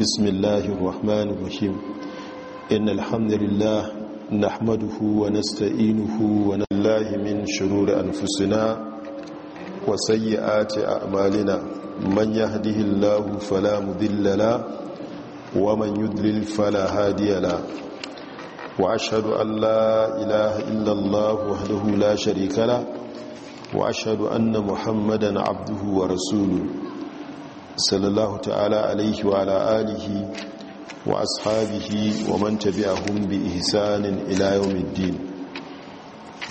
بسم الله الرحمن الرحيم إن الحمد لله نحمده ونستعينه ونالله من شرور أنفسنا وسيئات أعمالنا من يهده الله فلا مذل له ومن يدلل فلا هادي له وأشهد أن لا إله إلا الله وحده لا شريك له وأشهد أن محمدا عبده ورسوله sallallahu ta'ala alaihi wa ala alihi wa ashabihi wa man tabi'ahum bi ihsanin ila yawmiddin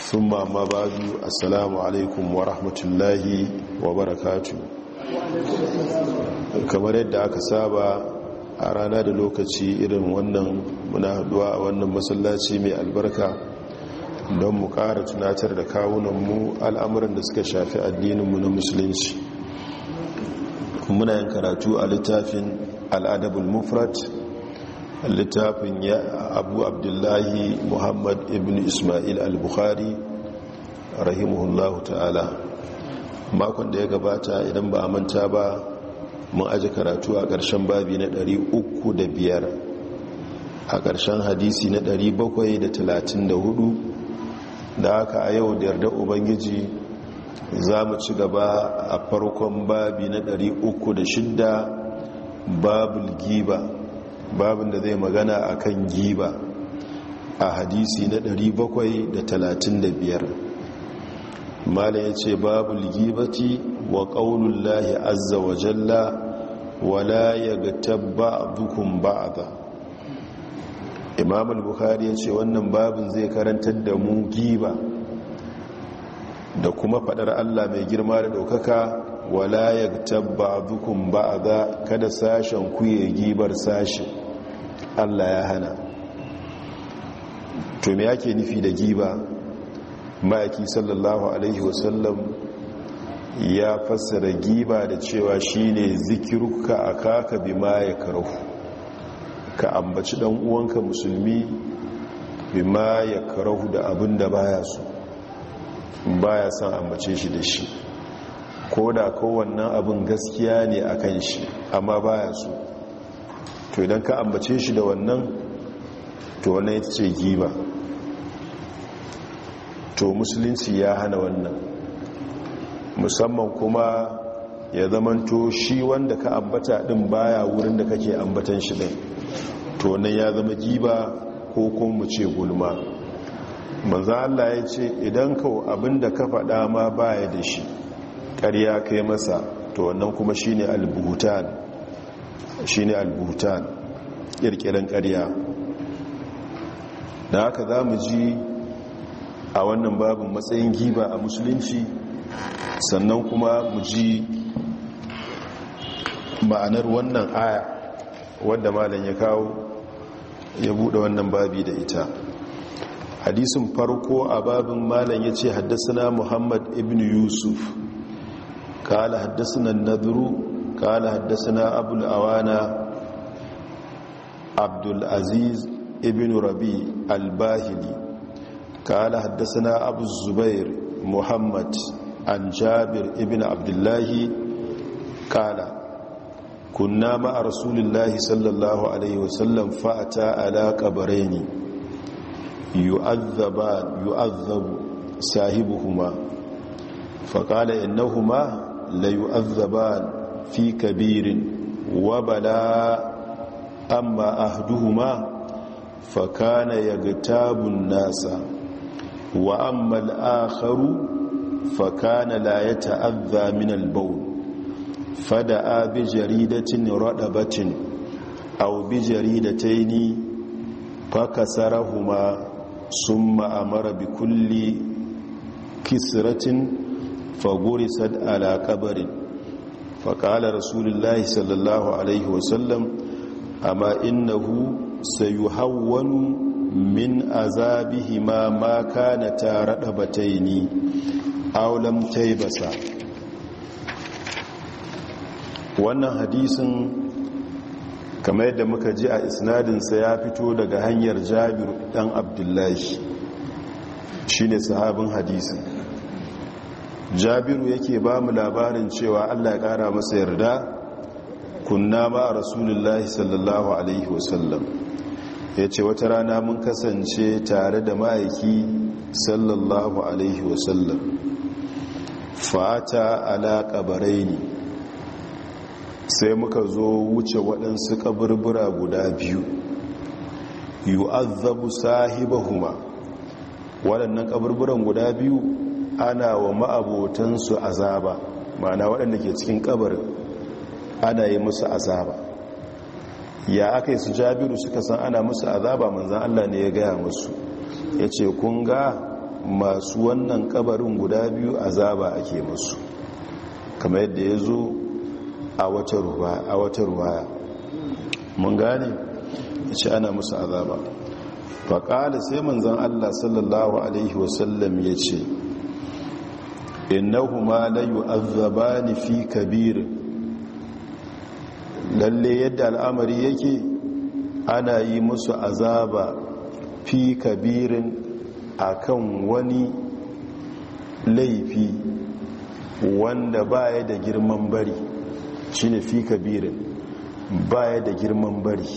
thumma ba ba'du assalamu alaikum wa rahmatullahi wa barakatu. kamar yadda aka saba a rana da lokaci irin wannan muna haduwa a wannan masallaci mai albarka don mu ƙara tunatar da kawunanmu al'amuran da suka shafi addininmu na musulunci muna yin karatu a littafin al'adabul mufrat littafin ya abu abdullahi muhammad ibn ismail al-bukhari rahimuhullahu ta'ala makon da ya gabata idan ba a manta ba mun aji karatu a ƙarshen babi na 305 a ƙarshen hadisi na 734 da haka a yau da yarda ubangiji za mu ci gaba a farkon babi na 306 babul giba babin da zai magana a kan giba a hadisi na 735 mala ya ce babul gibati wa ƙaunin lahi azza wa jalla wala ya ga tabba dukun ba'ada imam al-bukhari ya ce wannan babin zai karantar da mu giba da kuma fadar Allah mai girma da ɗaukaka wala ya tabba dukun ba a kada sashen ku ya gibar sashi Allah ya hana to me yake nufi da giba ma'aiki sallallahu alaihi wasallam ya fassara giba da cewa shine zikirka kaka bima ya karahu ka ambaci dan uwanka musulmi bima ya karahu da abin da baya su. baya son ambace shi da shi ko da kowannan abin gaskiya ne a kan shi amma baya so to idan ka ambace shi da wannan to wannan ya ce giba to musulunci ya hana wannan musamman kuma ya zamanto shi wanda ka ambata din baya wurin da kake ambatan shi din to nan ya zama giba ko kuma mu ce gulma manzo Allah ya ce idan kawo abinda ka faɗa ma baya da shi ƙarya kai masa to wannan kuma shine al shine ƙarya da haka za mu ji a wannan babin matsayin giba a musulunci sannan kuma mu ji ma'anar wannan aya wadda malam ya kawo ya buɗe wannan babi da ita hadisin farko a babin malam ya ce haddasa muhammad ibn yusuf kala haddasa nadru kala haddasa na abul awana abdulaziz ibn rabi albahili kala haddasa na abu zubair muhammad an jabir ibn abdullahi kala kunna ma'a rasulullahi sallallahu alaihi wasallam fa'ata ala kabarai ne yu'azzabu sahibuhuma faƙala innahuma la yu'azzaban fi kabirin wa bala amma ahduhuma fakana yagtabun nasa wa amma al-akharu fakana la yata'adha min al fada fada'a bi jaridatin radabatin aw bi jaridataini fakasarahuma sun ma'amara bi kulli kisratin fagorisar alaƙabarin faƙala rasulullahi sallallahu alaihi wasallam amma innahu sayu hawwanu min azabihi ma ma kana tara ɗabataini aulam taibasa wannan hadisin kamar yadda muka ji a isnadinsa ya fito daga hanyar jabir dan abdullahi shi ne sahabin hadisi jabiru yake ba mu labarin cewa allah ya kara masa yarda kunna ma a rasulullahi sallallahu alaihi wasallam ya ce wata rana mun kasance tare da ma'aiki sallallahu alaihi wasallam fata ala kabarai ne sai muka zo wuce waɗansu ƙaburbura guda biyu yu'azzabu sahibahuma waɗannan ƙaburburan guda biyu ana wa ma'abotansu azaba ma'ana waɗanda ke cikin ƙabarin ana yi musu azaba ya aka yi su jabiru suka san ana musu azaba manzan Allah ne ya gaya musu ya ce kun ga masu wannan ƙabarin guda biyu azaba ake musu kama yadda ya zo a wata ruwaya mun gane A ce ana musu azaba faƙali sai manzan allah sallallahu alaihi wasallam ya ce innahuma la ni fi kabir lalle yadda al'amari yake ana yi musu azaba fi kabirin akan wani laifi wanda baya da girman bari ne fi kabirin baya da girman bari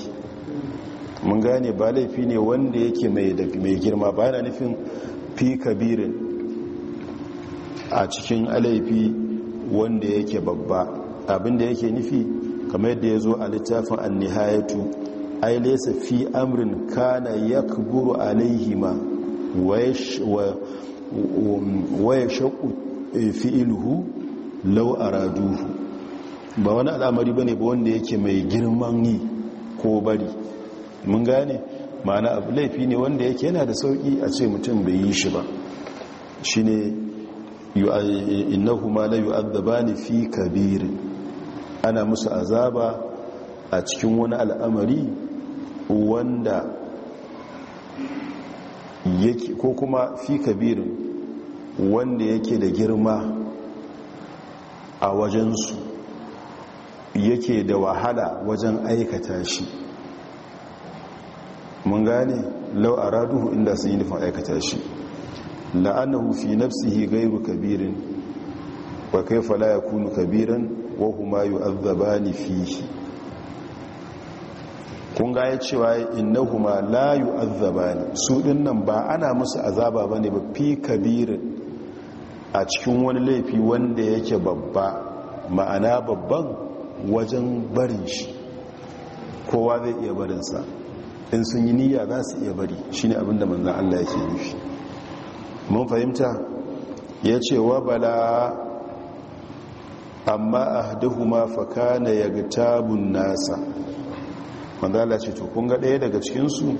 mun gane ba laifi ne wanda yake mai girma ba yana nufin fi kabirin a cikin alaifi wanda yake babba abinda yake nufi kamar yadda ya zo a littafin annihayatu ai laysa fi amrin kana yakburu alaihima wa yashaqu lau law araduhu ba wani al'amari ba ne ba wanda yake mai girman yi ko bari mun gane ma'ana abu laifi ne wanda yake yana da sauƙi a ce mutum bai yi shi ba shi ne na yi la ne fi kabiri ana musu azaba a cikin wani al'amari wanda yake ko kuma fi kabirin wanda yake da girma a wajensu yake da wahala wajen aikata shi mun gane lau a raduhu inda sun yi nufin aikata shi la'anahu fi nafsihi gairu kabirin wa fala ya yakunu kabiran wa ni yu'adhabani kun ga ya cewa innahuma la ni? su dinnan ba ana musu azaba ba ne ba fi kabirin a cikin wani laifi wanda yake babba ma'ana babban wajen barin shi kowa zai iya barinsa in sun yi niyya za su iya bari shi ne abinda manzan Allah ya ke nufi mun fahimta ya ce wa bala amma ahduhuma fakana tabun nasa manzala ce to kun ga ɗaya daga cikinsu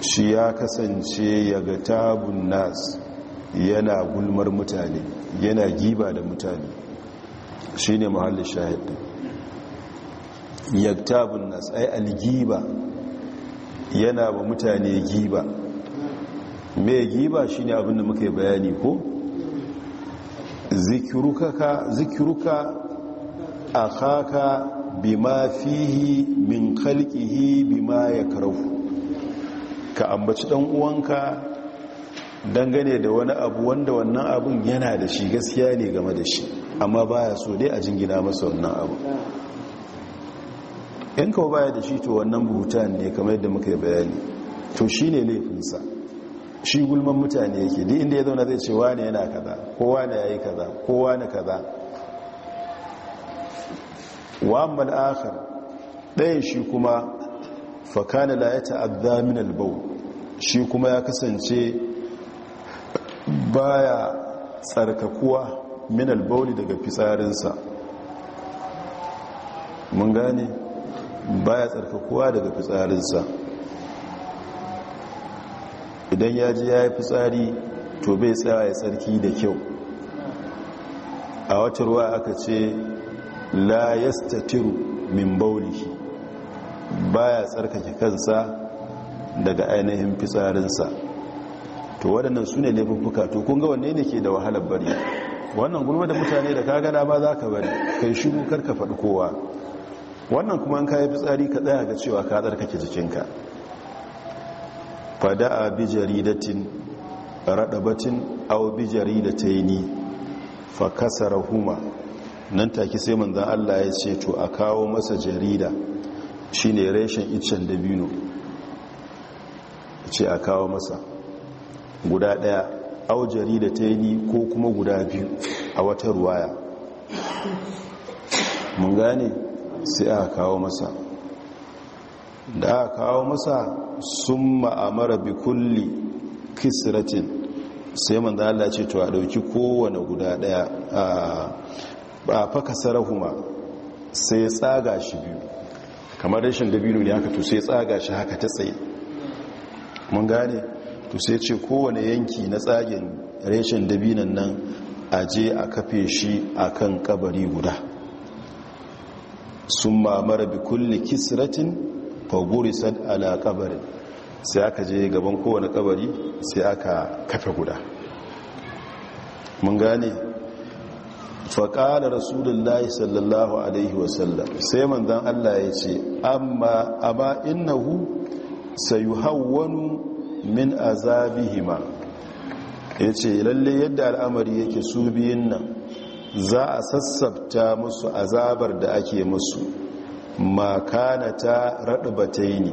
shi ya kasance tabun nas yana gulmar mutane yana giba da mutane Shi ne muhallin shahid yaktabun nas ay algiba yana ba mutane giba me giba shine abinda muka yi bayani ko zikiruka zikiruka akaka bima fihi min khalqihi bima yakrahu ka ambaci dan uwanka dangane da wani abu wanda wannan abun yana da shi gaskiya ne game da shi amma baya so dai a jingina masa wannan abu yan kawo baya da shi to wannan buhutan ne kamar yadda muka yi bayani to shi ne laifinsa shi gulman mutane yake duk inda ya zauna zai ce wane yana kaza kowa ne ya yi kaza kowa na kaza wa ammal akhar ɗayan shi kuma fakana la ya ta'adda min albau shi kuma ya kasance baya tsarkakuwa min ne daga fitsarinsa mun gane baya tsarkakuwa daga fitsarinsa idan ya ji ya yi fitsari to bai tsawa ya tsarki da kyau a wata ruwa aka ce la statiru min baulihi baya tsarkake kansa daga ainihin fitsarinsa to waɗannan su ne laifuffuka to kun ga wanne ne ke da wahalar bari wannan gulma da mutane da kaga ba za ka bari kai shigo ka faɗi kowa wannan kuma an kayi fitsari ka tsaya ga cewa ka ke jikinka a bi jaridatin raɗabatin au bi ni fa kasarahuma nan take sai manzon Allah ya ce to a kawo masa jarida shine reshen iccen dabino ce a kawo masa guda ɗaya daya yi ni ko kuma guda biyu a wata ruwaya mun gane sai a kawo masa da aka kawo masa sun ma'amara bi kulli kisratin sai manzo Allah ce to a dauki kowane guda daya a faka sarahuma sai ya tsaga shi biyu kamar rashin dabino ne haka to sai ya tsaga shi haka ta tsaye mun gane to sai ce kowane yanki na tsagen rashin dabinan nan a je a kafe shi akan kabari guda sun mamara bi kulle kisratin fagurisar ala kabarin sai aka je gaban kowane kabari sai aka kafe guda mun gane faƙalar rasulullahi sallallahu alaihi wasallam sai manzan allah ya ce amma a aba innahu sayuhawwanu min azabihima ya ce lalle yadda al'amari yake su biyun nan za a sassabta musu azabar da ake musu makanata ta raɗubatai ne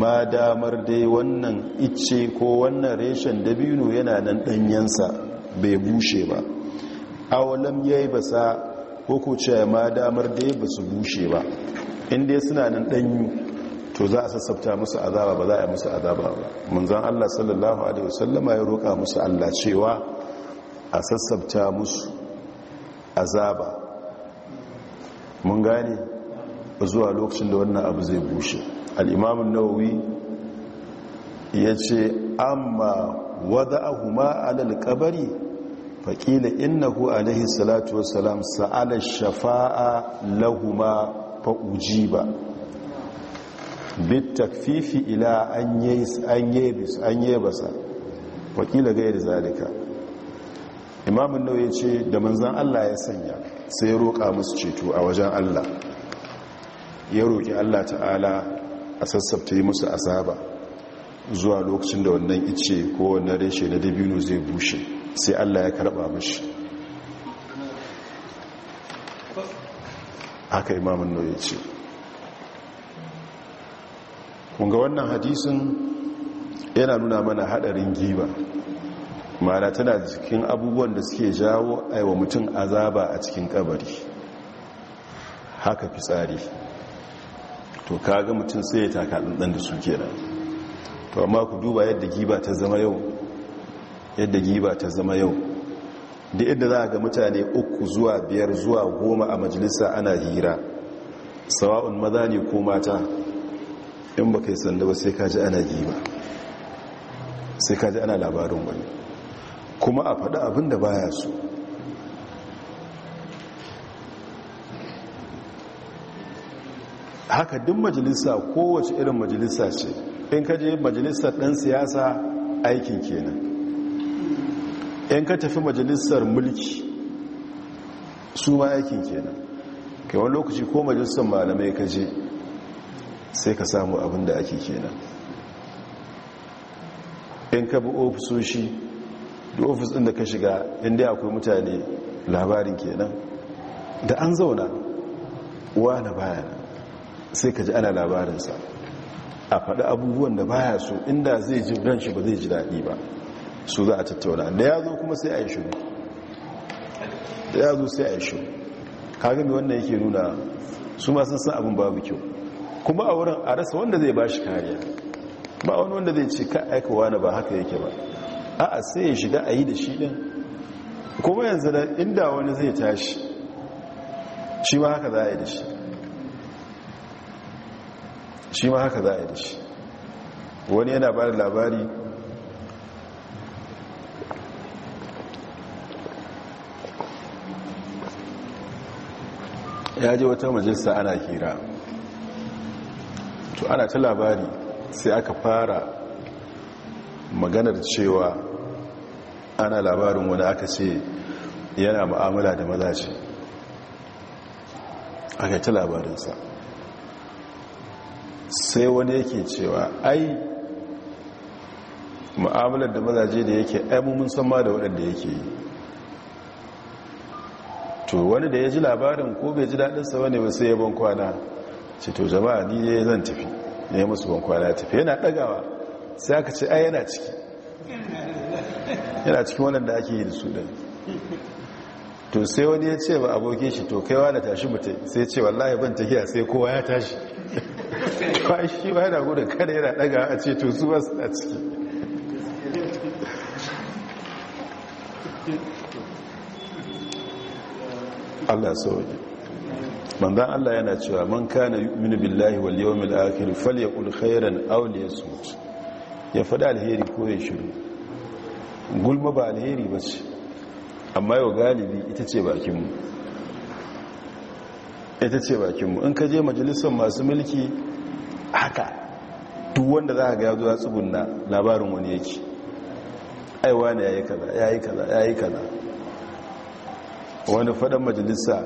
ma damar dai wannan icce ko wannan reshen dabino yana nan ɗanyensa bai bushe ba awalam ya yi basa ko ce ma damar dai ba su bushe ba inda suna nan ɗanyu to za a sassabta musu azaba ba za a yi musu azaba ba munzan Allah sallallahu alaihi wasallama ya roƙa musu Allah cewa a sassabta musu azaba mun gane zuwa lokacin da wannan abu zai bushe al'imamun nawawi ya ce amma wadda ahuma alal kabari faƙila innahu alaihi salatu wasalam sa'alar shafa'a lahuma fa'uji ba bitakfifi ila an yabasa waƙila gayar zalika imamun nau ya ce da manzan allah ya sanya sai ya roƙa musu ceto a wajen allah ya roƙi allah ta'ala a sassabta yi musu asaba zuwa lokacin da wannan ice ko wannan reshe na dabino zai bushe sai allah ya karɓa mashi haka imamun nau ce kunga wannan hadisin yana nuna mana haɗarin giba mana tana cikin abubuwan da suke jawo aiwa mutum azaba a cikin kabari haka fitsari to kaga mutum sai ya taka ɗanɗan da su kenan to amma ku duba yadda giba ta zama yau yadda giba ta zama yau da yadda za ga mutane uku zuwa biyar zuwa goma a majalisa ana hira sawa'un maza ne ko mata in ba kai sanda ba sai kaji ana giba sai kaji ana labarin wani kuma a faɗi abin da baya so haka duk majalisa kowace irin majalisa ce in ka je majalisar ɗan siyasa aikin kenan in ka tafi majalisar mulki su ma aikin kenan kai wani lokaci ko majalisar malamai ka je sai ka samu abin da ake kenan in ka bi ofisoshi duk ofis ɗin da ka shiga inda akwai mutane labarin kenan da an zauna na baya sai ka ji ana labarinsa a faɗi abubuwan da baya so inda zai ji ran shi ba zai ji daɗi ba su za a tattauna da ya zo kuma sai a yi shiru da ya zo sai a yi shiru kagami wannan yake nuna su ma sun san abin babu kyau kuma a wurin a rasa wanda zai ba shi kariya ba wani wanda zai ce ka aika na ba haka yake ba a'a sai ya shiga a yi da shi ɗin kuma yanzu da inda wani zai tashi shi ma haka za a yi da shi shi ma haka za a yi da shi wani yana ba da labari ya je wata majalisa ana hira to ana ta labari sai aka fara maganar cewa ana labarin wani aka ce yana ma'amala da mazaci aka ci labarinsa sai wani yake cewa ai ma'amalar da mazaje da yake aibumin sama da waɗanda yake yi to wani da ya ji labarin ko bai ji daɗinsa wani ba sai ya ban kwana ce to jama'a ni ne zan tafi ne musu ban kwana tafi yana ɗagawa sai aka ce ai yana ciki yana cikin wadanda ake yi da su ɗin to sai wani ya ce ba abokin shi to kaiwa da tashi mutum sai ce wallahi ban tafiya sai kowa ya tashi ba shi ba yana gudun kada yana ɗaga a ce to su wasu a ciki Allah sauki ɓangan Allah yana cewa man kana minu billahi wal yawmil fal ya khairan auliyar su, ya faɗa alheri ko ya shiru gulma ba alheri ba ce amma yau galibi ita ce bakinmu ita ce bakinmu in ka je majalisar masu mulki haka duk wanda za ka ga zuwa tsugunna labarin wani yake aiwa ne ya yi kaza ya yi kaza wani faɗin majalisa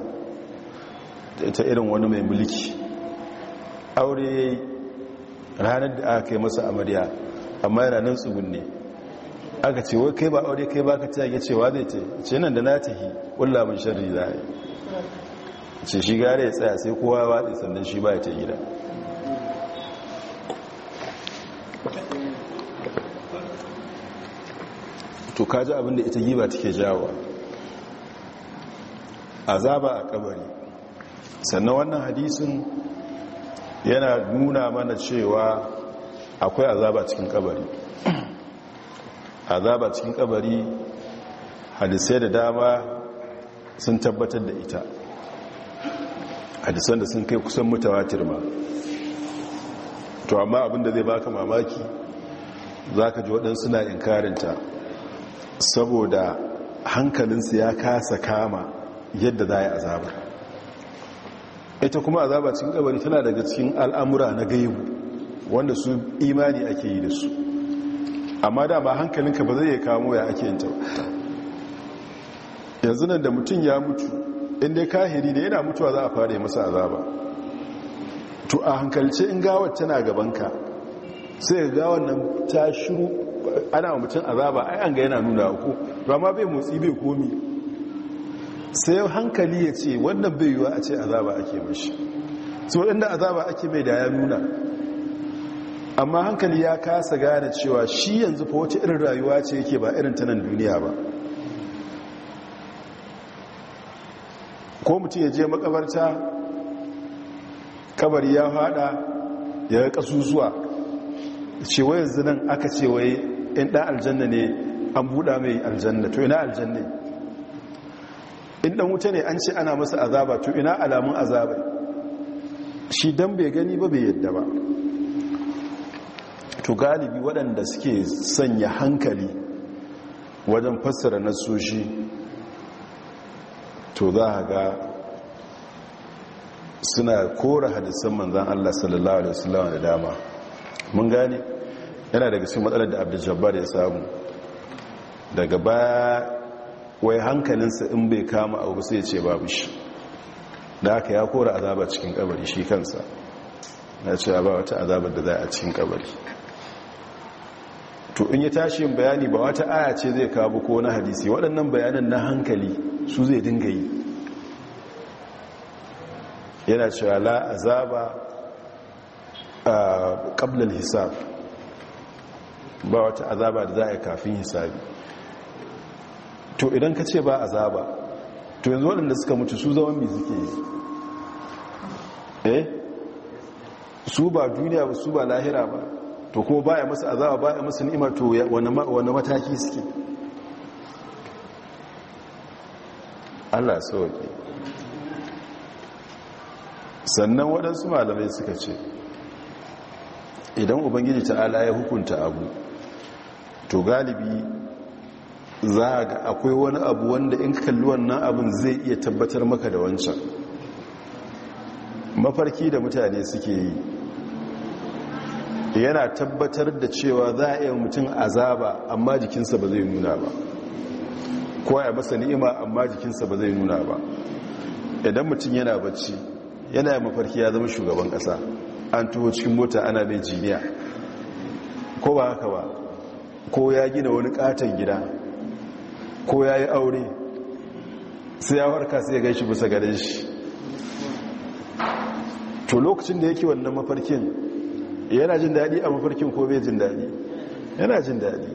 ta irin wani mai mulki aure ranar da aka yi masa amarya amma yana nan tsugunne aka ce wai kai ba aure kai ba ka ta yage cewa zai ce ce nan da na tahi mun sharri za a yi ce shi gare ya tsaya sai kowa ya ta sannan shi ba ya ta gida to kaji abinda ita giba take jawo azaba a kabari sannan wannan hadisin yana nuna mana cewa akwai azaba cikin kabari azaba cikin kabari hadisai da dama sun tabbatar da ita hadisan da sun kai kusan mutawatir ma to amma abinda zai baka mamaki zaka ji waɗansu na inkarinta saboda hankalinsu ya kasa kama yadda za a yi azabar ita kuma azaba cikin kabari tana daga cikin al'amura na gaibu wanda su imani ake yi da su amma da ba hankalinka ba zai iya kamo ya ake yin ta yanzu nan da mutum ya mutu inda kahiri da yana mutuwa za a fara yi masa azaba to a hankalce in gawar tana gabanka sai ga gawar nan ta shiru ana mutum azaba ai an ga yana nuna ko to bai motsi bai komi sai hankali ya ce wannan bai yiwa a ce azaba ake mashi so inda azaba ake mai da ya nuna amma hankali ya kasa gane cewa shi yanzu fa wata irin rayuwa ce yake ba irin ta nan duniya ba ko mutum ya je makabarta kabar ya fada ya ga kasusuwa ce wa yanzu nan aka ce wai in ɗan aljanna ne an buɗa mai aljanna to ina aljanna in ɗan wuta ne an ce ana masa azaba to ina alamun azaba shi dan bai gani ba bai yadda ba to galibi waɗanda suke sanya hankali wajen fassara na soshi, to za a ga suna kora hadisan manzan Allah sallallahu Alaihi da dama mun gane yana daga cikin matsalar da abdul jabbar ya samu daga baya wai hankalinsa in bai kama abu sai ce babu shi da aka ya kora azaba cikin kabari shi kansa na ce ba wata azabar da za a cikin kabari to in ya tashi yin bayani ba wata aya ce zai kawo ko na hadisi waɗannan bayanan na hankali su zai dinga yi yana cewa la azaba a ƙablal hisab ba wata azaba da za a yi kafin hisabi to idan ka ce ba azaba to yanzu waɗanda suka mutu su zaman mai suke yi eh su ba duniya ba su ba lahira ba to kuma baya musu azawa baya musu ni'ima to wani mataki suke Allah sauke sannan waɗansu malamai suka ce idan ubangiji ta'ala ya hukunta abu to galibi za ga akwai wani abu wanda in kalli wannan abin zai iya tabbatar maka da wancan mafarki da mutane suke yi yana tabbatar da cewa za a yi mutum azaba amma jikinsa ba zai nuna ba ko ya masa ni'ima amma jikinsa ba zai nuna ba idan mutum yana bacci yana yi mafarki ya zama shugaban kasa, an tuwo cikin mota ana mai jiniya ko ba haka ba ko ya gina wani katon gida ko ya yi aure sai ya warka sai ya gaishi bisa gare shi to lokacin da yake wannan mafarkin yana jin daɗi a mafarkin ko bai jin daɗi yana jin daɗi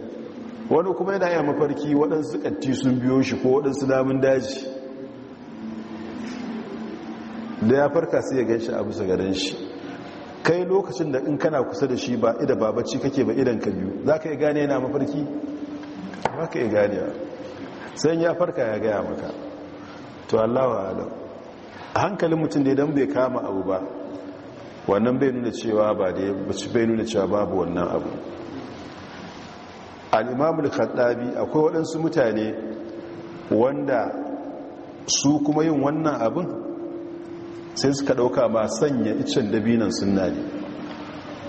wani kuma yana yi a mafarki waɗansu ƙatti sun biyo shi ko waɗansu namun daji da ya farka sai ya gan shi a bisa gadon shi kai lokacin da in kana kusa da shi ba ida babaci kake ba idan ka biyu za ka yi gane yana mafarki ba ka yi gane sai ya farka ya gaya maka to allawa alam a hankalin mutum da idan bai kama abu ba wannan bai nuna cewa ba da ya bai nuna cewa babu wannan abu al'imamul kaddabi akwai waɗansu mutane wanda su kuma yin wannan abin sai suka ɗauka ma sanya icen dabinan suna ne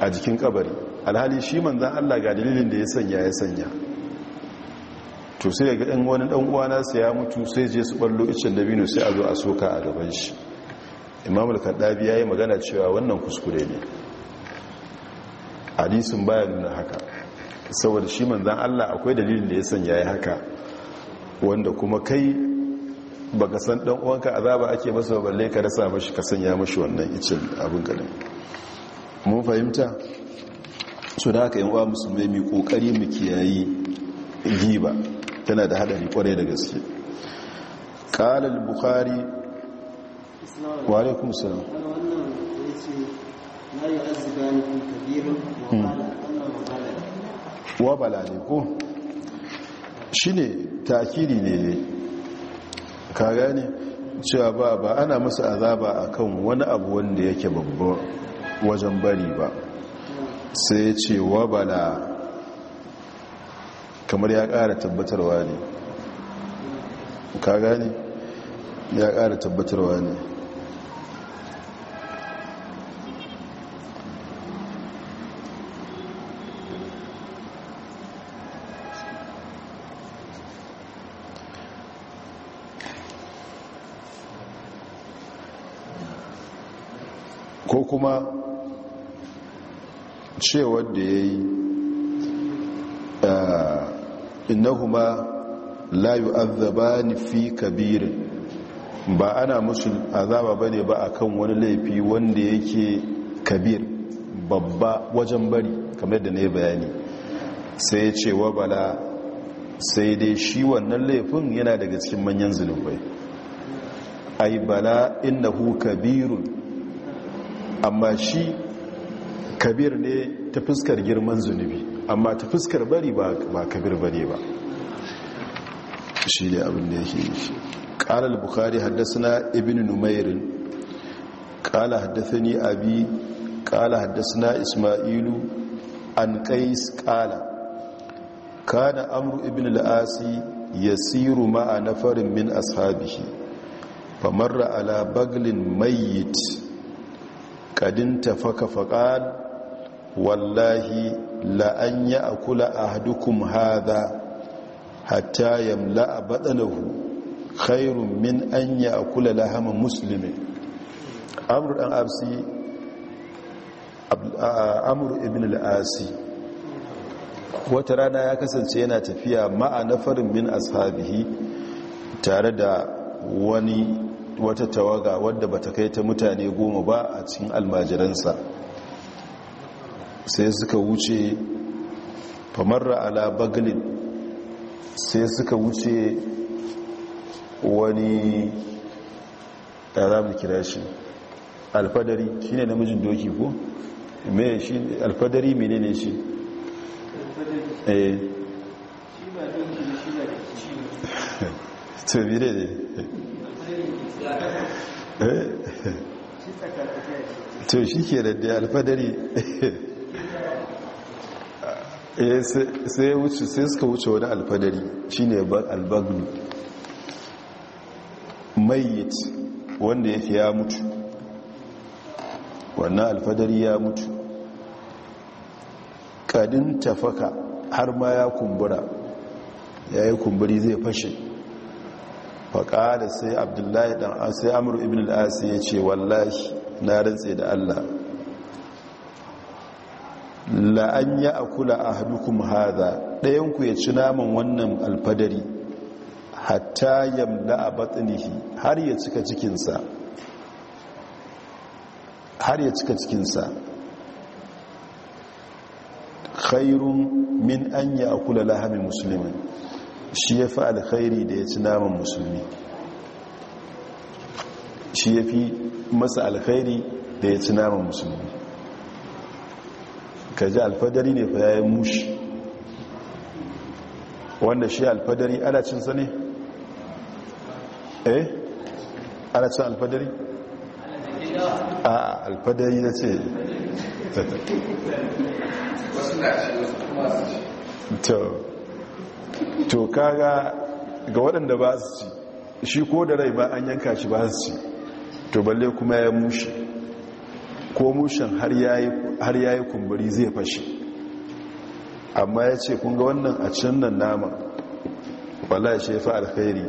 a jikin kabari alhali shi manzan allah ga dalilin da ya sanya ya sanya to sai ga ɗan wani ɗan uwana ya mutu sai je su ɓallo icen dabino sai a zo a soka a gaban shi imam al-kaddabi yi magana cewa wannan kuskure ne hadisin baya nuna haka saboda shi manzan Allah akwai dalilin da ya sanya ya haka wanda kuma kai baka san dan uwanka azaba ake masa balle ka rasa mashi ka sanya mashi wannan icin abin garin mun fahimta so da haka yan uwa musulmai mu kokari mu kiyayi giba tana da hadari kwarai da gaske qala al wa alaikum salam wa hmm. ne ko shi ne takiri ne ka gane cewa ba ba ana masa azaba akan wani abu wanda yake babba wajen bari ba sai ya ce wa bala kamar ya ƙara tabbatarwa ne ka gane ya ƙara tabbatarwa ne cewar da ya yi ah, innahuma la yu'azzabani fi kabirin ba ana musu azaba ba ne ba a kan wani laifi wanda yake kabir babba wajen bari kamar da yi bayani sai ya bala sai dai shi wannan laifin yana daga cikin manyan zulubai ai bala innahu kabirun amma shi kabir ne ta fuskar girman zunubi amma ta fuskar bari ba kabir bane ba shi ne abin da yake yi ƙalar bukari haddasa ibn numairin ƙala haddasa ni abi ƙala haddasa na ismailu an ƙais ƙala kana amru ibn La'asi ya siru ma'a nafarin min ashabihi famarra ala baglin mayyit kadinta faka faƙad wallahi la'an ya akula a hadukum haza hatta yamla a baɗanahu khairun min an ya akula lahama musulmi amur ɗan absi amur ibn al'asi wata rana ya kasance yana tafiya ma'a na farin min ashabihi tare da wani wata tawaga wadda ba ta kai ta mutane goma ba a cikin almajiransa sai suka wuce famarra ala baglin sai suka wuce wani ɗara kira shi alfadari shi ne namijin doki ko? Eh. ne shi alfadari mene ne shi? eh to mene ne Eh? to shi ke da alfadari eh, sai wuce sai suka wuce wani alfadari ne albaglu mayyit wanda yake ya mutu wannan alfadari ya mutu kadin tafaka har ma ya kumbura ya yi kumburi zai fashe faƙada sai abdullahi ɗan sai amuru ibn al'asi ya ce wallahi na rantse da allah la'an ya akula a hadukum haza ɗayanku ya ci naman wannan alfadari hatta yamda a batsinihi har ya cika cikinsa har ya cika cikinsa khairun min an ya akula lahamin musulmin shi ya fi alkhairi da ya ci naman musulmi shi ya fi masa alkhairi da ya ci naman musulmi ka alfadari ne fa yayin mushi wanda shi alfadari ana cinsa ne eh ana cin alfadari a alfadari na ce to kaga ga waɗanda ba su ci shi ko da rai ba an yanka shi ba su ci to balle kuma ya mushe ko mushen har ya yi kumburi zai fashe amma ya ce kunga wannan a cin nan naman wala ya shefa alkhairi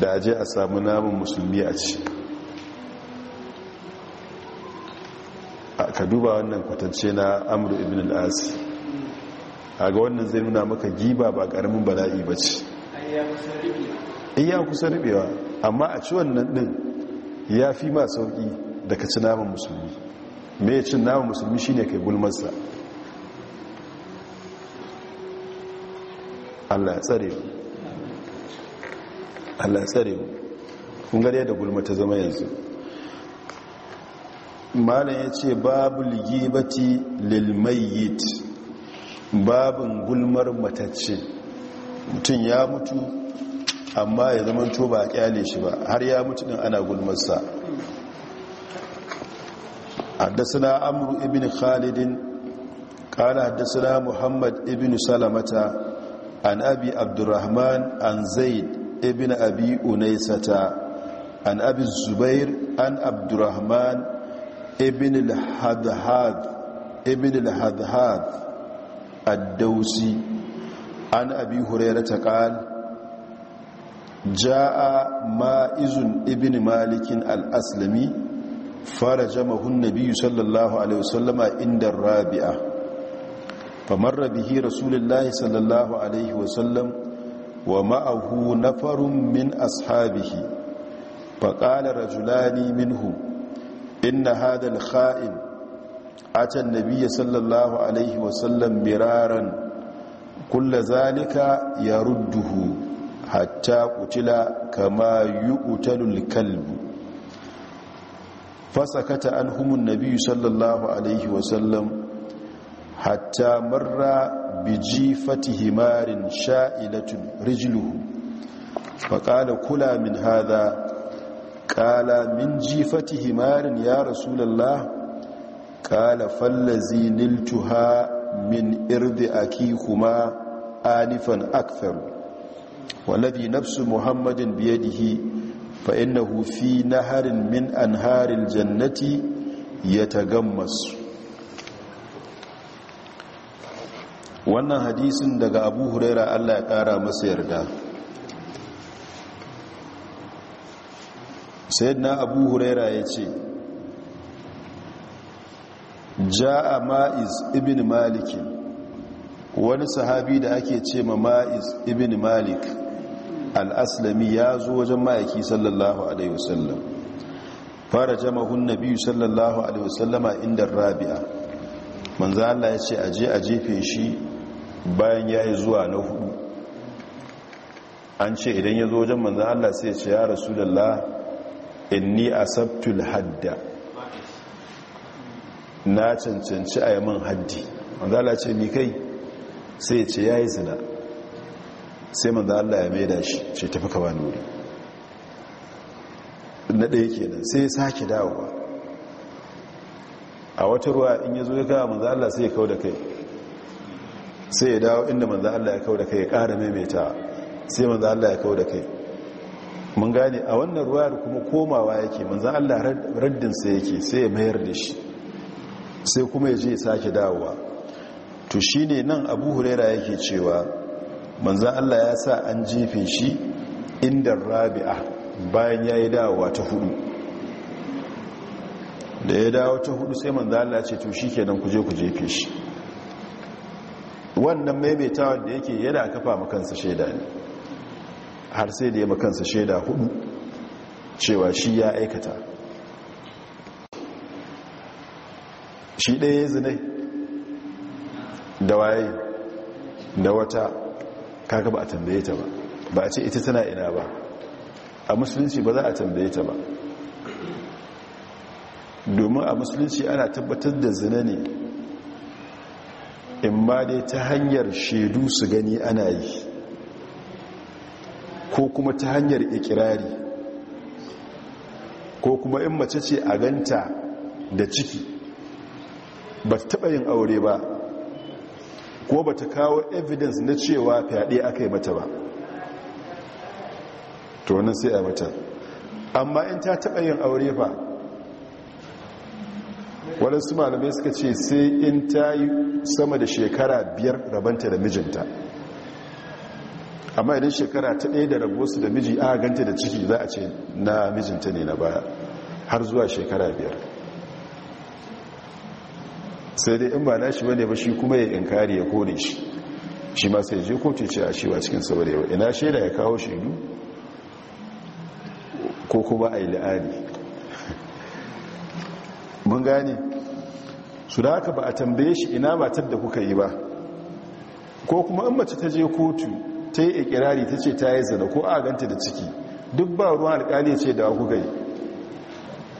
da je a samu naman musulmi a ci ka duba wannan kwatance na amur ibn al-asir a ga wannan zai nuna maka giba ba karamin bala'i ba ce iya kusa ribewa amma a ci wannan din ya fi ma sauki da ka ci naman musulmi mai cin naman musulmi shi ne kai gulmarsa allah tsare mu allah tsare mu kun gare da gulma ta zama yanzu malam ya ce babu ligibati lilmayit babin gulmar matacce mutum ya mutu amma ya zama ba a kyale shi ba har ya mutu din ana gulmarsa haddasa amru ibn khalidin kala haddasa muhammad ibn salamata an abi abdurrahman an zaid ibn abi unaisata an abi zubair an abdurrahman ibn al-hadhad ibn الدوسي عن أبي هريرة قال جاء مائز ابن مالك الأسلمي فرجمه النبي صلى الله عليه وسلم عند الرابعة فمر به رسول الله صلى الله عليه وسلم ومعه نفر من أصحابه فقال رجلان منهم إن هذا الخائن atan ya sallallahu alaihi wasallam miraran kulla zalika ya rudduhu hatta kutila kama yuqtalul kalbu fasakata anhumun nabiyu sallallahu alaihi wasallam hatta marra fati himarin sha'ilatun rijluhu faƙala kula min haza ƙala min jifati himarin ya rasulallah kala fallazi niltuha min irdi akikuma anifan akthar wallazi nafsu muhammadin biyadihi fa innahu na harin min harin jannati ya yatagammas wannan hadisin daga abu huraira allah ya kara masa yarda na abu huraira ya ce ja'a ma'iz ibn malik wani sahabi da ake ce ma ma'iz ibn malik al-aslami ya zo wajen ma'aiki sallallahu alaihi wasallam fara jama'un nabi sallallahu alaihi wasallama inda rabi'a manzo Allah ya ce aje a jefe shi bayan yayi zuwa na hudu an ce idan ya zo wajen manzo Allah sai ya ce ya rasulullah inni sabtul hadda na cancanci a yamin haddi manzala ce ni kai sai ce ya yi zina sai manzala Allah ya maida shi ce tafi ka bani wuri na ɗaya kenan sai ya sake dawowa a wata ruwa in ya zo ya kawo manzala Allah sai ya kawo da kai sai ya dawo inda manzala Allah ya kawo da kai ya ƙara maimaita sai manzala Allah ya kawo da kai mun gane a wannan ruwayar kuma komawa yake manzan Allah raddinsa yake sai ya mayar da shi sai kuma ya je ya sake dawowa to shi ne nan abu huraira yake cewa manzan allah ya sa an jefe shi inda rabi'a bayan ya yi dawowa ta hudu da ya dawo ta hudu sai manzan allah ce to shi kenan kuje ku jefe shi wannan maimaitawa da yake yana kafa makansa shaida ne har sai da ya makansa shaida hudu cewa shi ya aikata shi ɗaya ya zine da waye da wata kaga ba a tambaye ta ba ba a ce ita tana ina ba a musulunci ba za a tambaye ta ba domin a musulunci ana tabbatar da zina ne in ba dai ta hanyar shaidu su gani ana yi ko kuma ta hanyar ikirari ko kuma in mace ce a ganta da ciki ba ta taɓa yin aure ba ko ba ta kawo evidence na cewa fyaɗe aka yi mata ba to wannan sai a mata amma in ta taba yin aure ba waɗansu malamai suka ce sai in ta yi sama da shekara biyar rabanta da mijinta amma idan shekara ta ɗaya da su da miji a ganta da ciki za a ce na mijinta ne na baya har zuwa shekara biyar sai dai in ba shi bane ba shi kuma ya inkari ya kone shi shi ma sai je kotu ce a shi wa cikin saboda yawa ina shaida ya kawo shaidu ko kuma a yi la'ani mun gane su da haka ba a tambaye shi ina matar da kuka yi ba ko kuma in mace ta je kotu ta yi ikirari ta ce ta yi zana ko a ganta da ciki duk ba ruwan alkali ce da kuka yi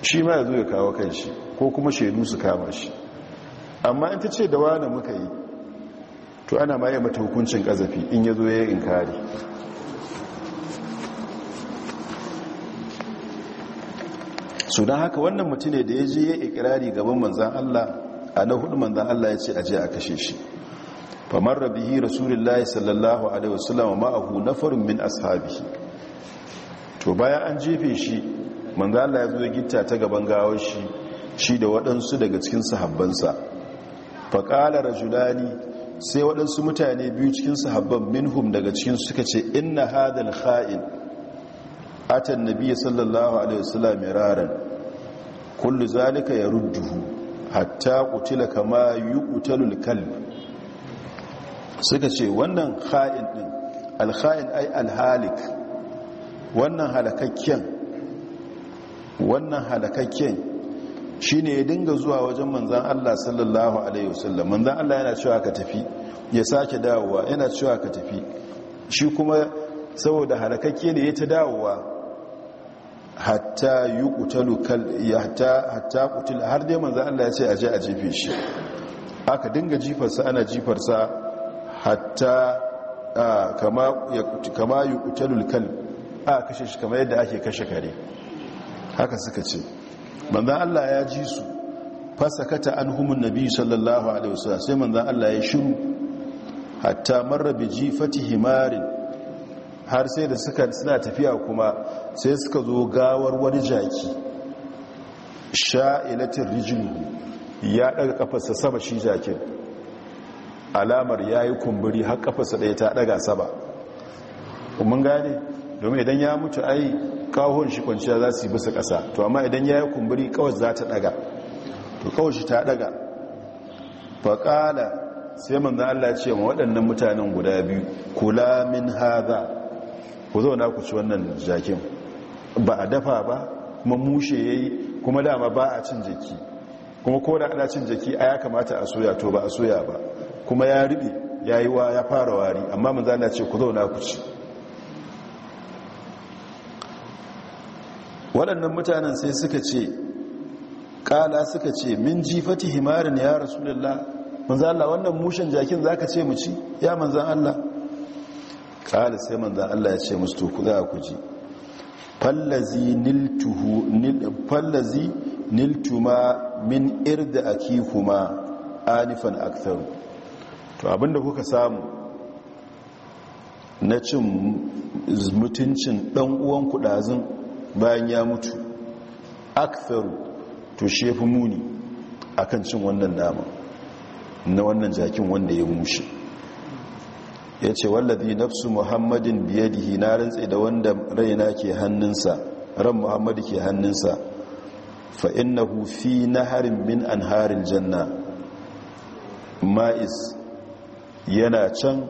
shi ma ya zo ya kawo kan shi ko kuma shaidu su kama shi amma in ta ce da wani muka yi to ana ma yi mata hukuncin kazafi in ya zo ya yi inkari su don haka wannan mutum ne da ya je ya ikirari gaban manzan Allah a na hudu manzan Allah ya ce a je a kashe shi famar rabihi rasulullahi sallallahu alaihi wasallam ma'ahu nafarin min ashabi to bayan an jefe shi manzan Allah ya zo ya gita ta gaban gawar shi shi da waɗansu daga cikin sahabbansa faƙala rajulani sai waɗansu mutane biyu cikin sahabban minhum daga cikin suka ce inna hadal kha'in atan nabiyyi sallallahu alaihi wasallam miraran kullu zalika yarudduhu hatta qutila kama yuqtalul kalb suka ce wannan kha'in din al-kha'in ay al-halik wannan halakakken wannan halakakken ne ya dinga zuwa wajen manzan Allah sallallahu alaihi wasallam manzan Allah yana cewa ka tafi ya sake dawowa yana cewa ka tafi shi kuma saboda harakakke ne ya ta dawowa hatta yi kutalu hatta kutul har dai manzan Allah ya ce aje a jefe shi aka dinga jifarsa ana jifarsa hatta kama yi kutalu kal a kashe shi kama yadda ake kashe kare haka suka ce manzan Allah ya ji su fasakata an humun nabi sallallahu alaihi wasallam sai manzan Allah ya shiru hatta marra bi jifati himarin har sai da suka suna tafiya kuma sai suka zo gawar wani jaki sha'ilatin rijilu ya ɗaga kafarsa sama shi jakin alamar ya yi kumburi har kafarsa ɗaya ta ɗaga sama mun gane domin idan ya mutu ai kawon shi kwanciya za su yi bisa ƙasa to amma idan ya yi kumburi kawai za ta ɗaga to kawai shi ta ɗaga faƙala sai manzan Allah ce ma waɗannan mutanen guda biyu kula min haza ku zauna ku ci wannan jakin ba a dafa ba kuma mushe ya yi kuma dama ba a cin jiki kuma ko da ana cin jiki a ya kamata a soya to ba a soya ba kuma ya riɓe ya yi wa ya fara wari amma manzan Allah ce ku zauna ku ci waɗannan mutanen sai suka ce ƙala suka ce min jifati himarin ya rasulullah manzan Allah wannan mushen jakin za ka ce mu ci ya manzan Allah ƙala sai manzan Allah ya ce musu toku za ku ji fallazi niltuma min irda aki kuma anifan aktaru to abinda kuka samu na cin mutuncin ɗan uwan kudazin bayan ya mutu aktharu to shefu muni akan cin wannan nama na wannan jakin wanda ya mushe ya ce wallazi nafsu muhammadin biyadihi na rantse da wanda raina ke hannunsa ran muhammadu ke hannunsa fa innahu fi naharin min anharil janna ma'is yana can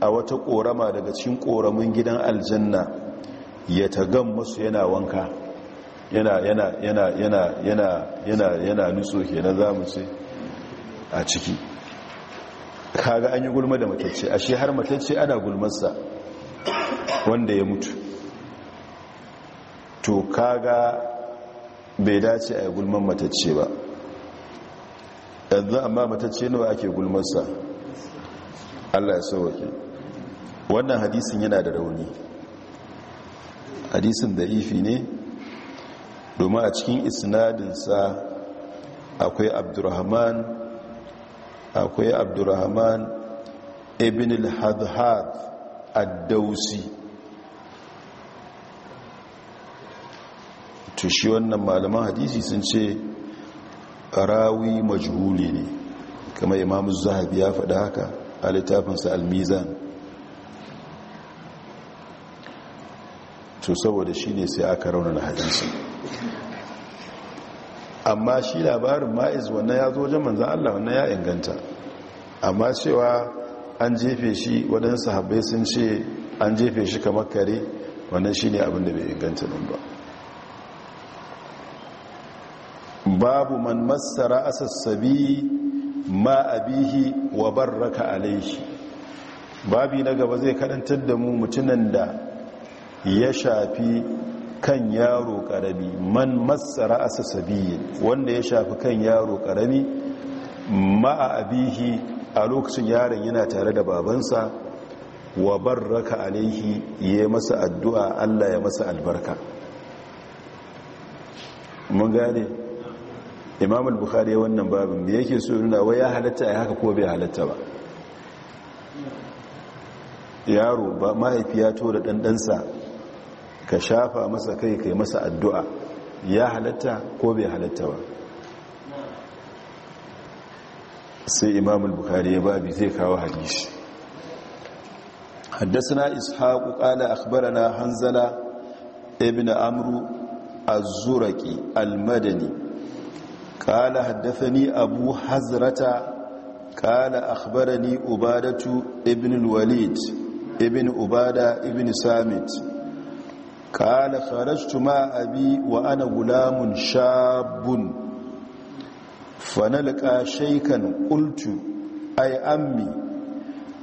a wata korama daga cikin koramin gidan aljanna ya tagan masu yana wanka yana yana yana yana yana yana yana nutso kenan za mu ce a ciki kaga an yi gulma da matacce ashe har matacce ana gulmarsa wanda ya mutu to kaga bai dace a yi gulman matacce ba yanzu amma matacce nawa ake gulmarsa allah ya sauwake wannan hadisin yana da rauni hadisin da'ifi ne domin a cikin isnadinsa akwai abdurrahman akwai abdurrahman ibn al-hadhad ad dawsi to shi wannan malaman hadisi sun ce rawi majhuli ne kamar imamu zahabi ya faɗa haka a littafinsa al-mizan to saboda shi ne sai aka rauna hadisi amma shi labarin ma'iz wannan ya zo wajen manzan Allah wannan ya inganta amma cewa an jefe shi waɗansu sahabbai sun ce an jefe shi kamar kare wannan shi ne abinda bai inganta nan ba babu man massara asassabi ma abihi wa barraka alaihi babi na gaba zai karantar da mu mutunan da ya shafi kan yaro ƙarami man matsara a wanda ya shafi kan yaro karami ma'a abihi a lokacin yaron yana tare da babansa wa barraka alaihi ya yi masa addu'a Allah ya masa albarka mun gane imam al-bukhari wannan babin da yake so nuna wai ya halatta ya haka ko bai halatta ba yaro ba to da ɗanɗansa ka shafa masa kai kai masa addu'a ya halatta ko bai halatta ba sai imamul bukari ya babi zai kawo hadishi haddasa ishaku kala na hanzala ibn amru az-zuraqi al-madani kala haddathani abu hazrata kala ni ubadatu ibn al-walid ibn ubada ibn samit kala farastu ma abi wa ana gulamun shabun fanalika shaikan kultu ai ammi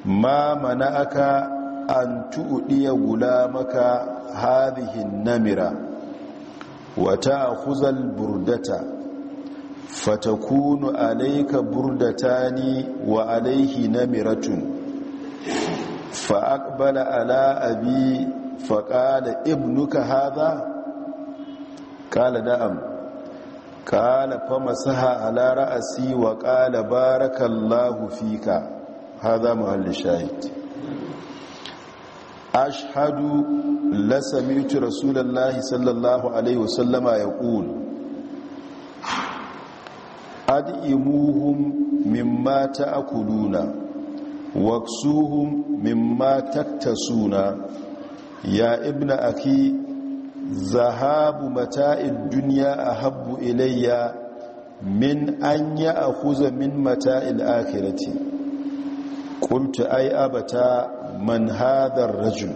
ma mana aka an tuɗiya gulamaka haɗihin namira wata a huzal burdata fatakunu alaika burdata ne wa alaihi namiratun fa’aƙbala ala abi faƙala ibnuka haza ƙala da'am ƙala famasaha ala ra'asi wa ƙala barakallahu fika haza muhalli shahid ashhadu lasamitu rasulallahi sallallahu alaihi wasallama ya ƙulu ad'imuhum mimma ta'kuluna waksuhum mimma taktasuna ya ibna aki zahabu mata'id duniya a habbu ilayya min an ya min mata'il akirati ƙuntu ai abata man hadar rajul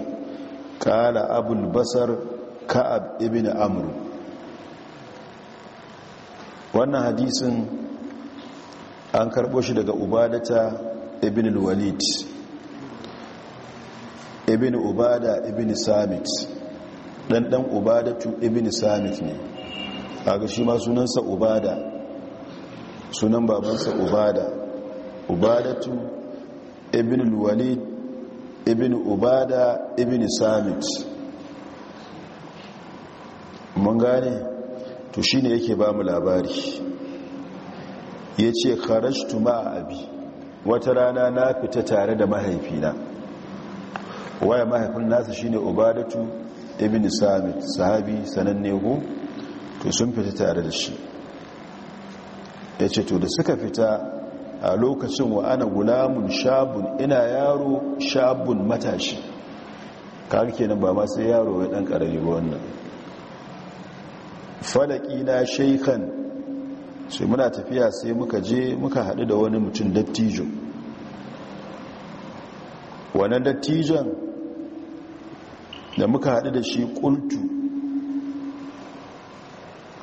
kala abul basar ka'ab ibn amru wannan hadisin an karɓo shi daga ubadata ibn walid ibn ubada ibn samit dan dan ubadatu ibn samit ne kaga shi ma sunansa ubada sunan babansa ubada ubadatu ibn walid ibn ubada ibn samit mun gane to shine yake ba mu labari yace kharajtu ma abi wata rana na fita tare da mahaifina waye mahaifin nasa shine ubadatu ibn samit sahabi sananne to sun fita tare da shi yace to da suka fita a lokacin wa ana gulamun shabun ina yaro shabun matashi kawai kenan ba ma sai yaro ya dan karami ba wannan falaki na shaikhan sai muna tafiya sai muka je muka hadu da wani mutum dattijo wannan dattijon da muka haɗu da shi ƙultu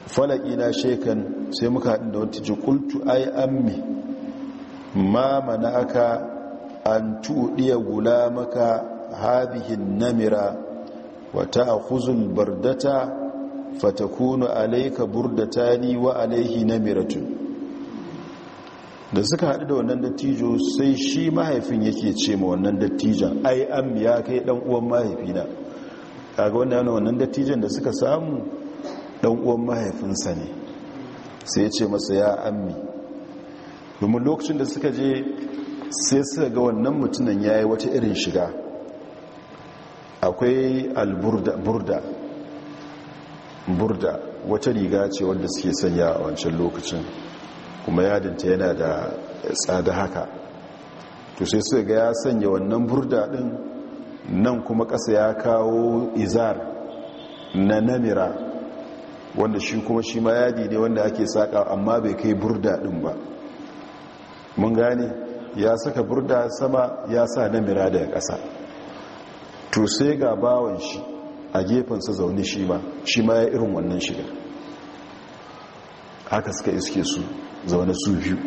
falaƙi na shekan sai muka haɗu da wata ji ƙultu ai ammi ma mana aka an tuɗiya gula maka haɗihin namira wata a kuzun bardata fatakunu alaika ni wa alaihi namiratun da suka haɗu da wannan dattijo sai shi mahaifin yake ce ma wannan dattijon ai an ya kai ɗan uwan mahaifina kaga wanda yana wannan dattijan da suka samu dan uwan mahaifinsa ne sai ya ce masa ya ammi domin lokacin da suka je sai suka ga wannan mutunan ya yi wata irin shiga akwai alburda burda wata riga ce wanda suke sanya a wancan lokacin kuma yadinta yana da tsada haka to sai suka ga ya sanya wannan burda din nan kuma ƙasa ya kawo izar na namira wanda shi kuma shi ma yadi ne wanda ake saƙa amma bai kai burda ɗin ba mun gane ya saka burda sama ya sa namira daga ƙasa to sai ga bawan shi a gefensa zaune shi ma shi ma ya irin wannan shiga haka suka iske su zaune su biyu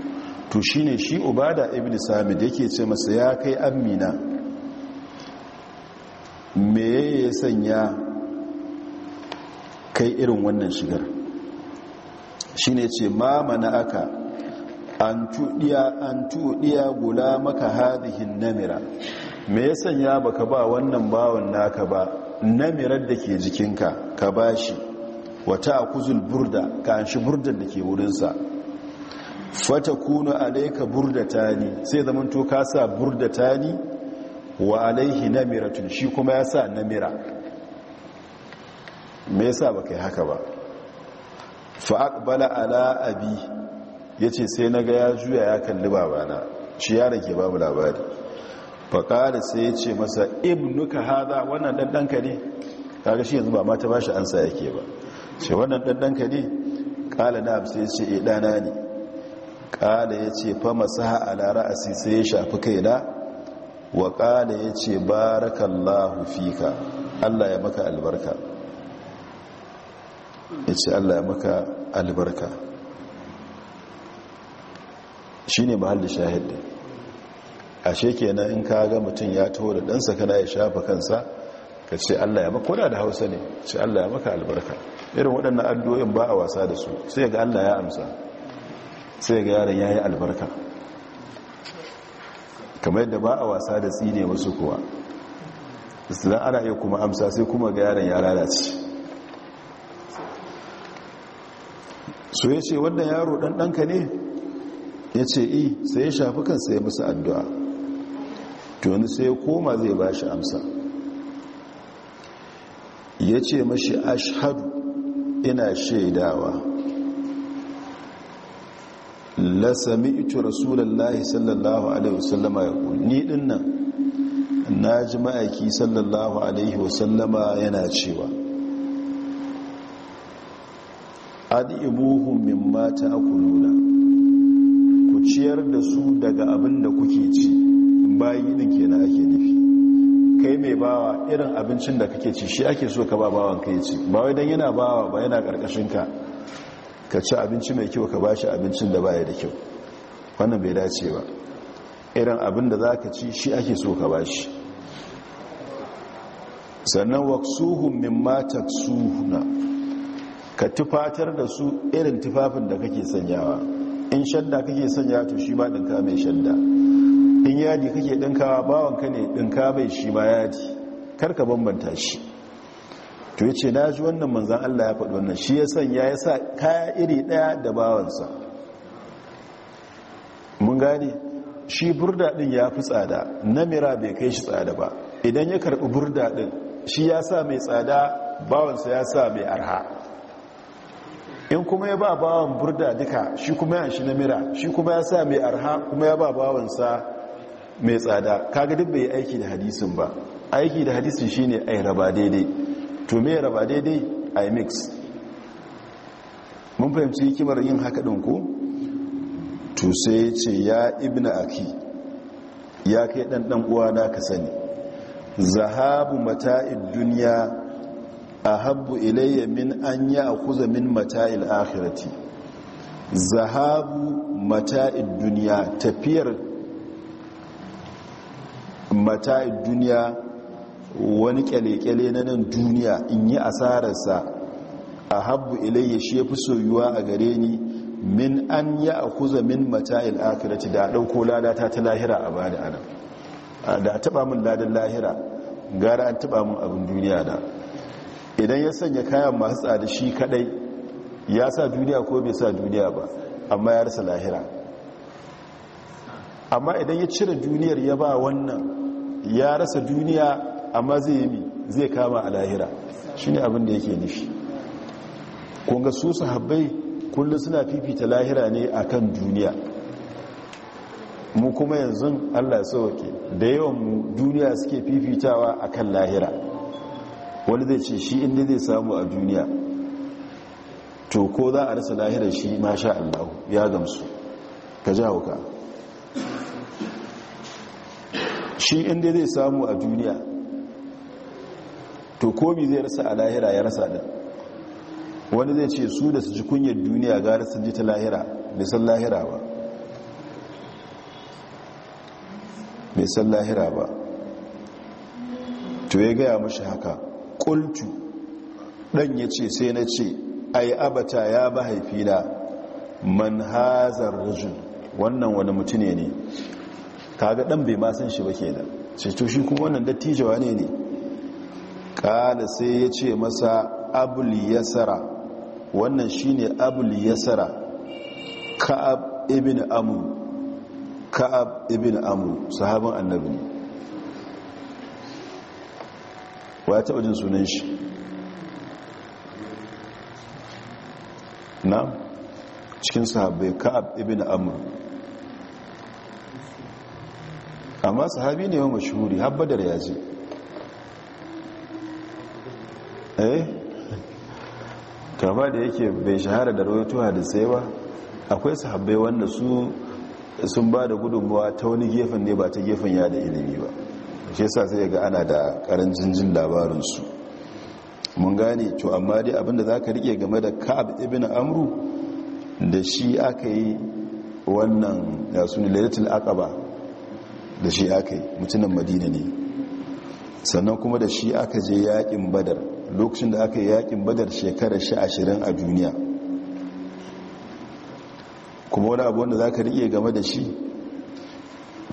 to shine shi ubada ibn samid yake ce masa ya kai amina me ya sanya kai irin wannan shigar shi ne ce ma mana aka an tuɗiya gula maka hadihin namira me ya sanya baka ba wannan bawan naka ba namirar da ke jikinka ka ba shi wata kuzul burda ka an shi burdar da ke wurinsa fata kuna alaika burda tani sai zamanto ka sa burda tani wa alaihi namiratun shi kuma ya sa mira. me sa ba kai haka ba fa ala abi ce sai naga ya juya ya kalli babana shi yaron ke babu labari fa sai sai yace masa ibnuka haza wannan ɗanɗanka ne kaga shi yanzu ba ma ta an ansa yake ba ce wannan ɗanɗanka ne? ne na abu sai yace eh ɗana ne ya ce fa masu ala ra'asi sai ya shafi kai na? wa ƙada ya ce barakallahu fika allah ya maka albarka ya ce allah ya maka albarka shi ne mahalli shahidin ashe kenan in ka ga mutum ya taho da ɗansa kana ya shafa kansa ka ce allah ya maka kuna da hausa ne ce allah ya maka albarka irin waɗannan addu'o'in ba a wasa da su sai ga allah ya amsa sai ga yaron ya yi albarka kamar yadda ba a wasa da tsine wasu kuwa istilan ana yi kuma amsa sai kuma ga yaron ya lalace so ya ce wannan yaro ɗanɗanka ne ya ce i e, sai ya shafi kansa ya musu addu'a tuni sai ya koma zai ba shi amsa ya ce mashi ashadu ina shaidawa la sami'tu Rasulallah sallallahu alaihi wasallama ya ni dinnan na ji ma'aiki sallallahu alaihi wasallama yana cewa adibuhum mimma ta'kuluna ku ciyar da su daga abin da kuke ci bayi din kenan ake nufi kai mai bawa irin abincin da kake ci shi ake so ka ba bawan kai ci ba wai dan yana bawa ba yana karkashin ka ka ci abinci mai kyau ka ba shi abincin da baya da kyau wannan bai dace ba irin abin da za ka ci shi ake so ka bashi sannan waksuhun min ka tufatar da su irin tufafin da kake sanyawa in shadda kake sanya to shi ba ɗinka mai shadda in yadi kake ɗinkawa bawanka ne ɗinka mai shi ma yadi Kar ka bambanta shi to ya ce na ji wannan manzan Allah ya faɗi wannan shi ya sanya ya sa kaya iri ɗaya da bawansa mun gane shi burda ɗin ya fi tsada namira bai kai shi tsada ba idan ya karɓi burda din shi ya sa mai tsada bawansa ya sa mai arha in kuma ya ba bawan burda duka shi kuma ya shi namira shi kuma ya sa mai arha kuma ya ba bawansa mai tsada kaga duk bai aiki da hadisin ba aiki da hadisin shine ai raba daidai to me raba daidai a mix mun fahimci kimar yin haka ɗin ko to sai ce ya ibna aki ya kai ɗanɗan uwana ka sani zahabu mata'il duniya a habbu ilayya min an yi a kuza min mata'il akhirati zahabu mata'il duniya tafiyar mata'il duniya wani kyale-kyale na nan duniya in yi asararsa a habbu ilayya shi ya fi soyuwa a gare ni min an yi a kuza min mata'il akirati da ɗauko ladata ta lahira a bada ana da a taɓa min ladin lahira gara an taɓa min abin duniya da idan ya sanya kayan masu tsada shi kaɗai ya sa duniya ko bai sa duniya ba amma ya rasa lahira amma idan ya cire duniyar ya ba wannan ya rasa duniya amma zai yi zai kama a lahira shi ne abin da yake nishi kunga su sahabbai kullum suna fifita lahira ne a kan duniya mu kuma yanzu allah sauke da yawan mu duniya suke fifitawa a kan lahira wani zai ce shi inda zai samu a duniya to ko za a rasa lahirar shi masha allahu ya gamsu ka jawo ka shi inda zai samu a duniya to komi zai rasa a lahira ya rasa din wani zai ce su da su ji kunyar duniya gara sun ji ta lahira bai san lahira ba mai san lahira ba to ya gaya mashi haka kultu Dan ya ce sai na ce ai abata ya da man hazar rajul wannan wani mutune ne kaga Dan bai ma san shi ba kenan ce to shi kuma wannan dattijawa ne ne kala sai ya ce masa abul yasara wannan shine abul yasara ka'ab ibn amu ka'ab ibn amu sahabin annabi ne wa ya taɓa jin sunan shi na cikin sahabai ka'ab ibn amur amma sahabi ne wa mashahuri habba da yaji eh kama da yake bai shahara da rawaito hadisai ba akwai sahabbai wanda su sun ba da gudunmawa ta wani gefen ne ba ta gefen ya da ilimi ba ke sa sai ga ana da karancin jin labarinsu mun gane to amma dai abinda za ka rike game da ka'ab ibn amru da shi aka yi wannan ya suni lalatul aqaba da shi aka yi mutumin madina ne sannan kuma da shi aka je yaƙin badar lokacin da aka yi yakin badar shekarar shi ashirin a duniya kuma wani abu wanda za ka riƙe game da shi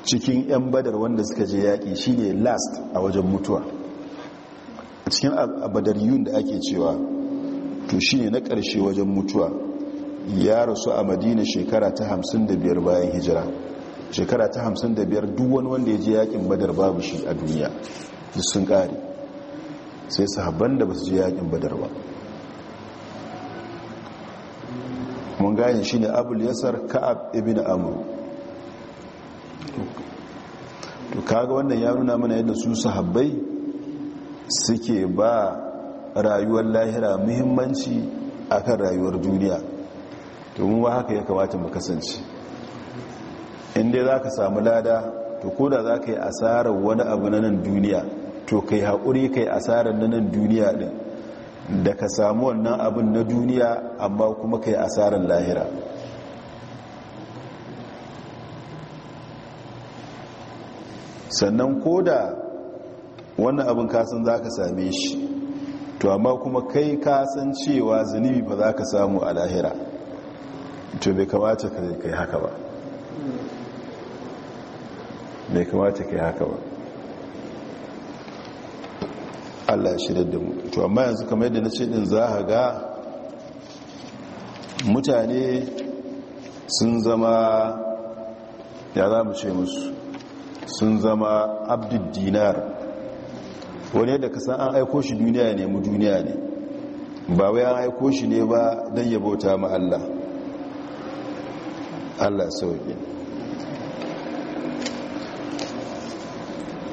cikin 'yan badar wanda suka je yaƙi shi ne last a wajen mutuwa a cikin yun da ake cewa to shi ne na ƙarshe wajen mutuwa ya rasu a madina shekara ta 55 bayan hijira shekara ta 55 duk wani wanda ya je yaƙin badar babu shi a duniya sun ƙare sai sahabban da ba su je yakin badar ba mun gane shi ne abul yasar ka'ab da amur to kaga wannan ya nuna mana yadda su sahabbai suke ba rayuwar lahira muhimmanci akan rayuwar duniya domin ba haka ya kamata mu kasance inda za ka samu lada to koda za ka yi asarar wani abu na nan duniya to kai haƙuri kai asarar na nan duniya ɗin da ka samu wannan abin na duniya amma kuma kai asarar lahira sannan ko da wannan abin kasan za ka same shi to amma kuma kai kasan cewa zunubi ba za ka samu a lahira to bai kamata kai haka ba bai kamata kai haka ba allah shirar da mu to amma yanzu kamar yadda na ce din za a ga mutane sun zama ya za mu ce musu sun zama abdul dinar wani yadda kasan an aiko shi duniya ne mu duniya ne ba wai an aiko shi ne ba don ya bauta ma allah allah sauke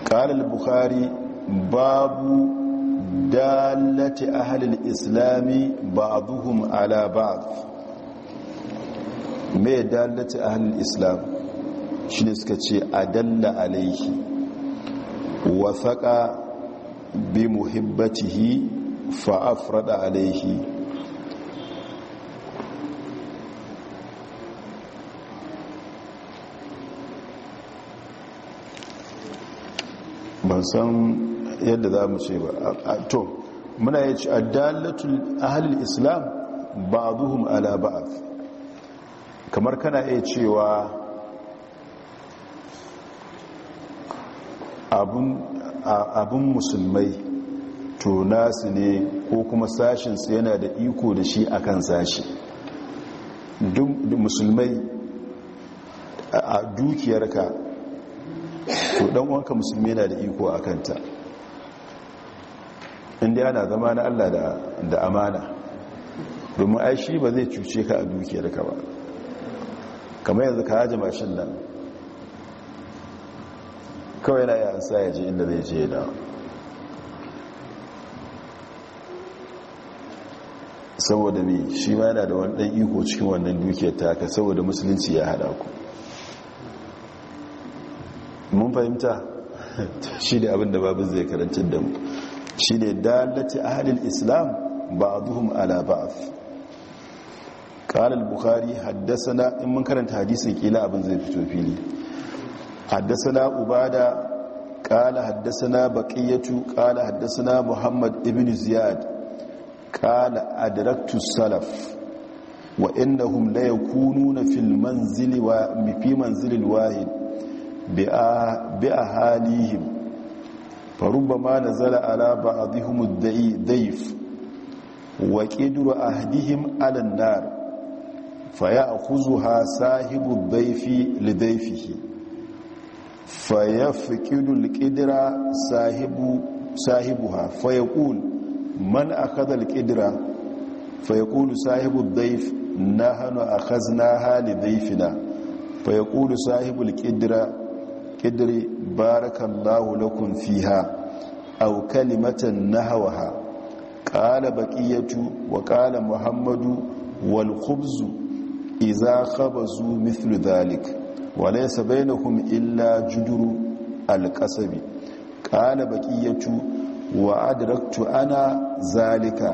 قال البخاري babu dalati ahalil islami ba ba'duhum ala ba'd me dalati ahalil islam shine suka ce adalla alaihi wa saqa bi muhibbatihi fa afrada alaihi ban san yadda za mu ce ba to muna yace addalatul ahlul islam ba'dhum ala ba'd kamar kana iya cewa abun musulmai to nasu ne ko kuma sashinsu yana da iko da shi akan sashi musulmai a dukiyarka to dan wanka musulmi yana da iko a kanta inda yana zama na Allah da amana domin ai shi ba zai cuce ka a dukiyar ka ba kamar yanzu ka haji mashin nan kawai na yi ansa ya je inda zai je da saboda mai shi ma yana da wani ɗan iko cikin wannan dukiyar taka saboda musulunci ya hada ku mun fahimta shi da abin babu zai karancin da mu shi ne dalati ahalil islam ba duhun alaba'af. Ƙarar ƙalar haddasa na in mun karanta hadisun ƙila abin zai fito fili haddasa na ubada ƙala haddasa na baƙiyyatu ƙala haddasa na muhammad ibn ziyad ƙala adraktus salaf wa innahum la yakununa fil manzili wa fi manzilil wahid bi faruba ma zala ala a zihimu daif wa ƙiduru a hadihim alannar faya a kuzu ha sahibu daifi lidaifihi faya fi ƙidul ƙidira sahibu ha faya ƙul man a kadal ƙidira faya daif na hannu a kazna ha lidaifina faya sahibu qidri barakallahu lakum fiha aw kalimatan nahwaha qala baqiyatu wa qala muhammadu wal khubzu idza khabazu mithlu dhalik wa laysa bainahum illa juduru al qasabi qala baqiyatu wa adraktu ana zalika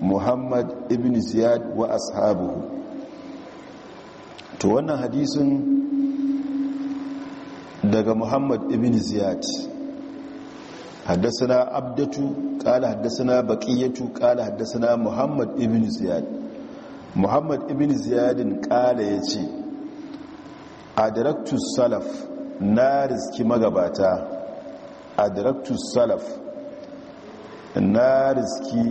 muhammad ibn ziyad wa ashabuhu to wannan hadisin daga muhammad ibn ziyad haddasa abdatu kala haddasa baqiyatu kala haddasa muhammad ibn ziyad muhammad ibn ziyadin kala ya ce adraktus salaf na riski magabata adraktus salaf na riski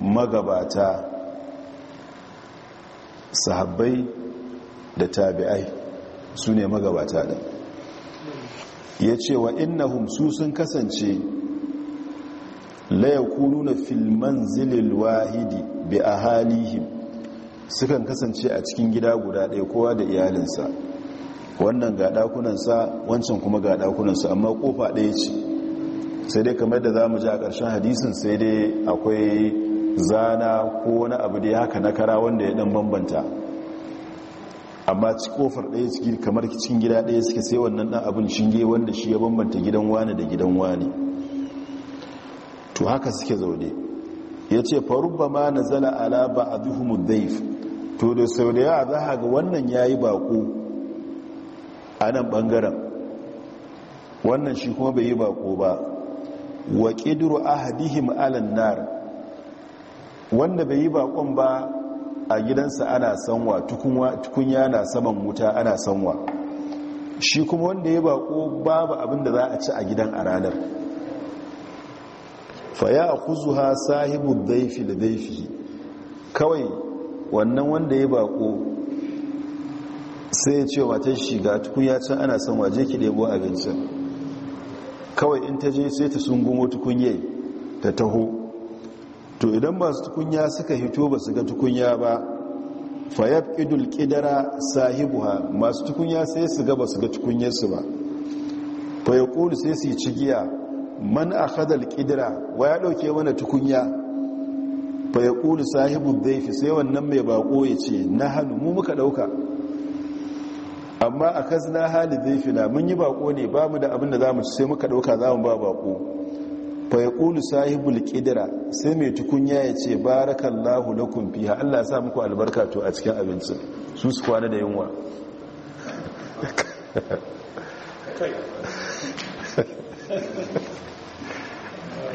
magabata sahabbai da tabi'ai su ne magabata ɗin ya ce wa innahum su sun kasance layakunu na filman zilil wahidi bi a halihim sukan kasance a cikin gida guda ɗaya kowa da iyalinsa wannan ga ɗakunansa wancan kuma ga ɗakunansa amma ƙofa ɗaya ce sai dai kamar da za mu ji a ƙarshen hadisin sai dai akwai zana ko wani abu da ya haka na kara wanda ya ɗan bambanta amma ci kofar ɗaya ciki kamar cikin gida ɗaya suka sai wannan ɗan abin shinge wanda shi ya bambanta gidan wani da gidan wani to haka suke zaune ya ce farubba ma na zala ala ba a duhumun daif to da sau da yawa za a ga wannan ya yi bako a nan ɓangaren wannan shi kuma bai yi bako ba wa ƙiduru ahadihim hadihim nar wanda bai yi bakon ba a gidansa ana sanwa tukunya na saman wuta ana sanwa shi kuma wanda ya bako babu abin da za a ci a gidan a ranar faya a ha sahibin daifi da daifi kawai wannan wanda ya bako sai ya ce wata shiga tukunya can ana sanwa, je ki ɗebo abincin kawai in ta je sai ta sungumo tukunye ta taho to idan masu tukunya suka hito ba su ga tukunya ba fayab idul kidara ha, masu tukunya sai su ga ba su ga tukunyarsu ba fayakulu sai su yi cigiya man a hadal kidara wa ya dauke mana tukunya fayakulu sahibu zaifi sai wannan mai bako ya ce na hannu mu muka dauka amma a kasna hali na mun yi bako ne ba mu da abin da za mu ci sai muka dauka za mu ba bako fa ya ƙulu sahibul ƙidira sai mai tukunya ya ce barakallahu kumfi fiha Allah sa muku albarka to a cikin abincin su su kwana da yunwa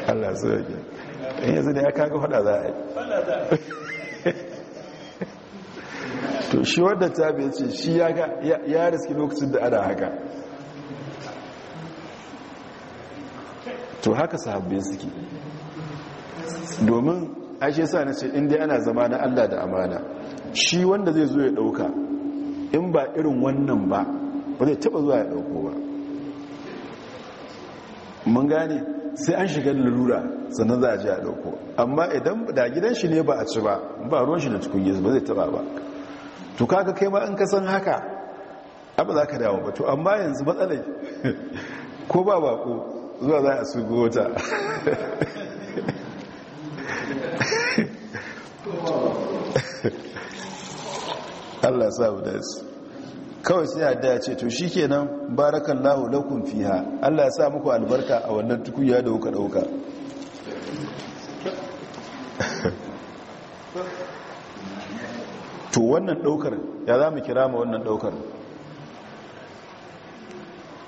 Allah su yake in yanzu da ya kaga hada za a yi to shi wadda ta bai ce shi ya riski lokacin da ana haka to haka sahabbai suke domin ashe sa na ce inda ana zama na allah da amana shi wanda zai zo ya ɗauka in ba irin wannan ba ba zai taɓa zuwa ya ɗauko ba mun gane sai an shiga lalura sannan za a ji a ɗauko amma idan da gidan shi ne ba a ci ba ba ruwan shi da cikin gizo ba zai taɓa ba to kaka kai ma in ka san haka abu za ka dawo ba to amma yanzu matsalai ko ba bako zuwa za a shigo ta Allah sa mu su kawai sai adda ya ce to shi barakan lahu laukun fiha Allah ya sa muku albarka a wannan tukunya da kuka dauka to wannan daukar ya za mu kira ma wannan daukar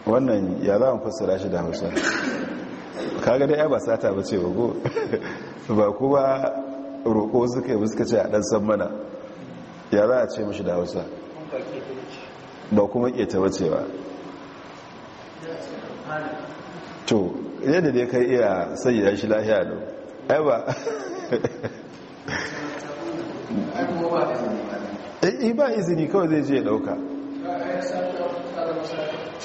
wannan ya za mu fassara shi da hausa kaga dai ya ba sata ba ce wago ba kuma roƙo suka yi suka ce a ɗan san mana ya za a ce mashi da hausa ba kuma ƙeta ba ce ba to yadda dai ka iya sanya shi lahiya da ya ba eh, ba izini kawai zai je ya ɗauka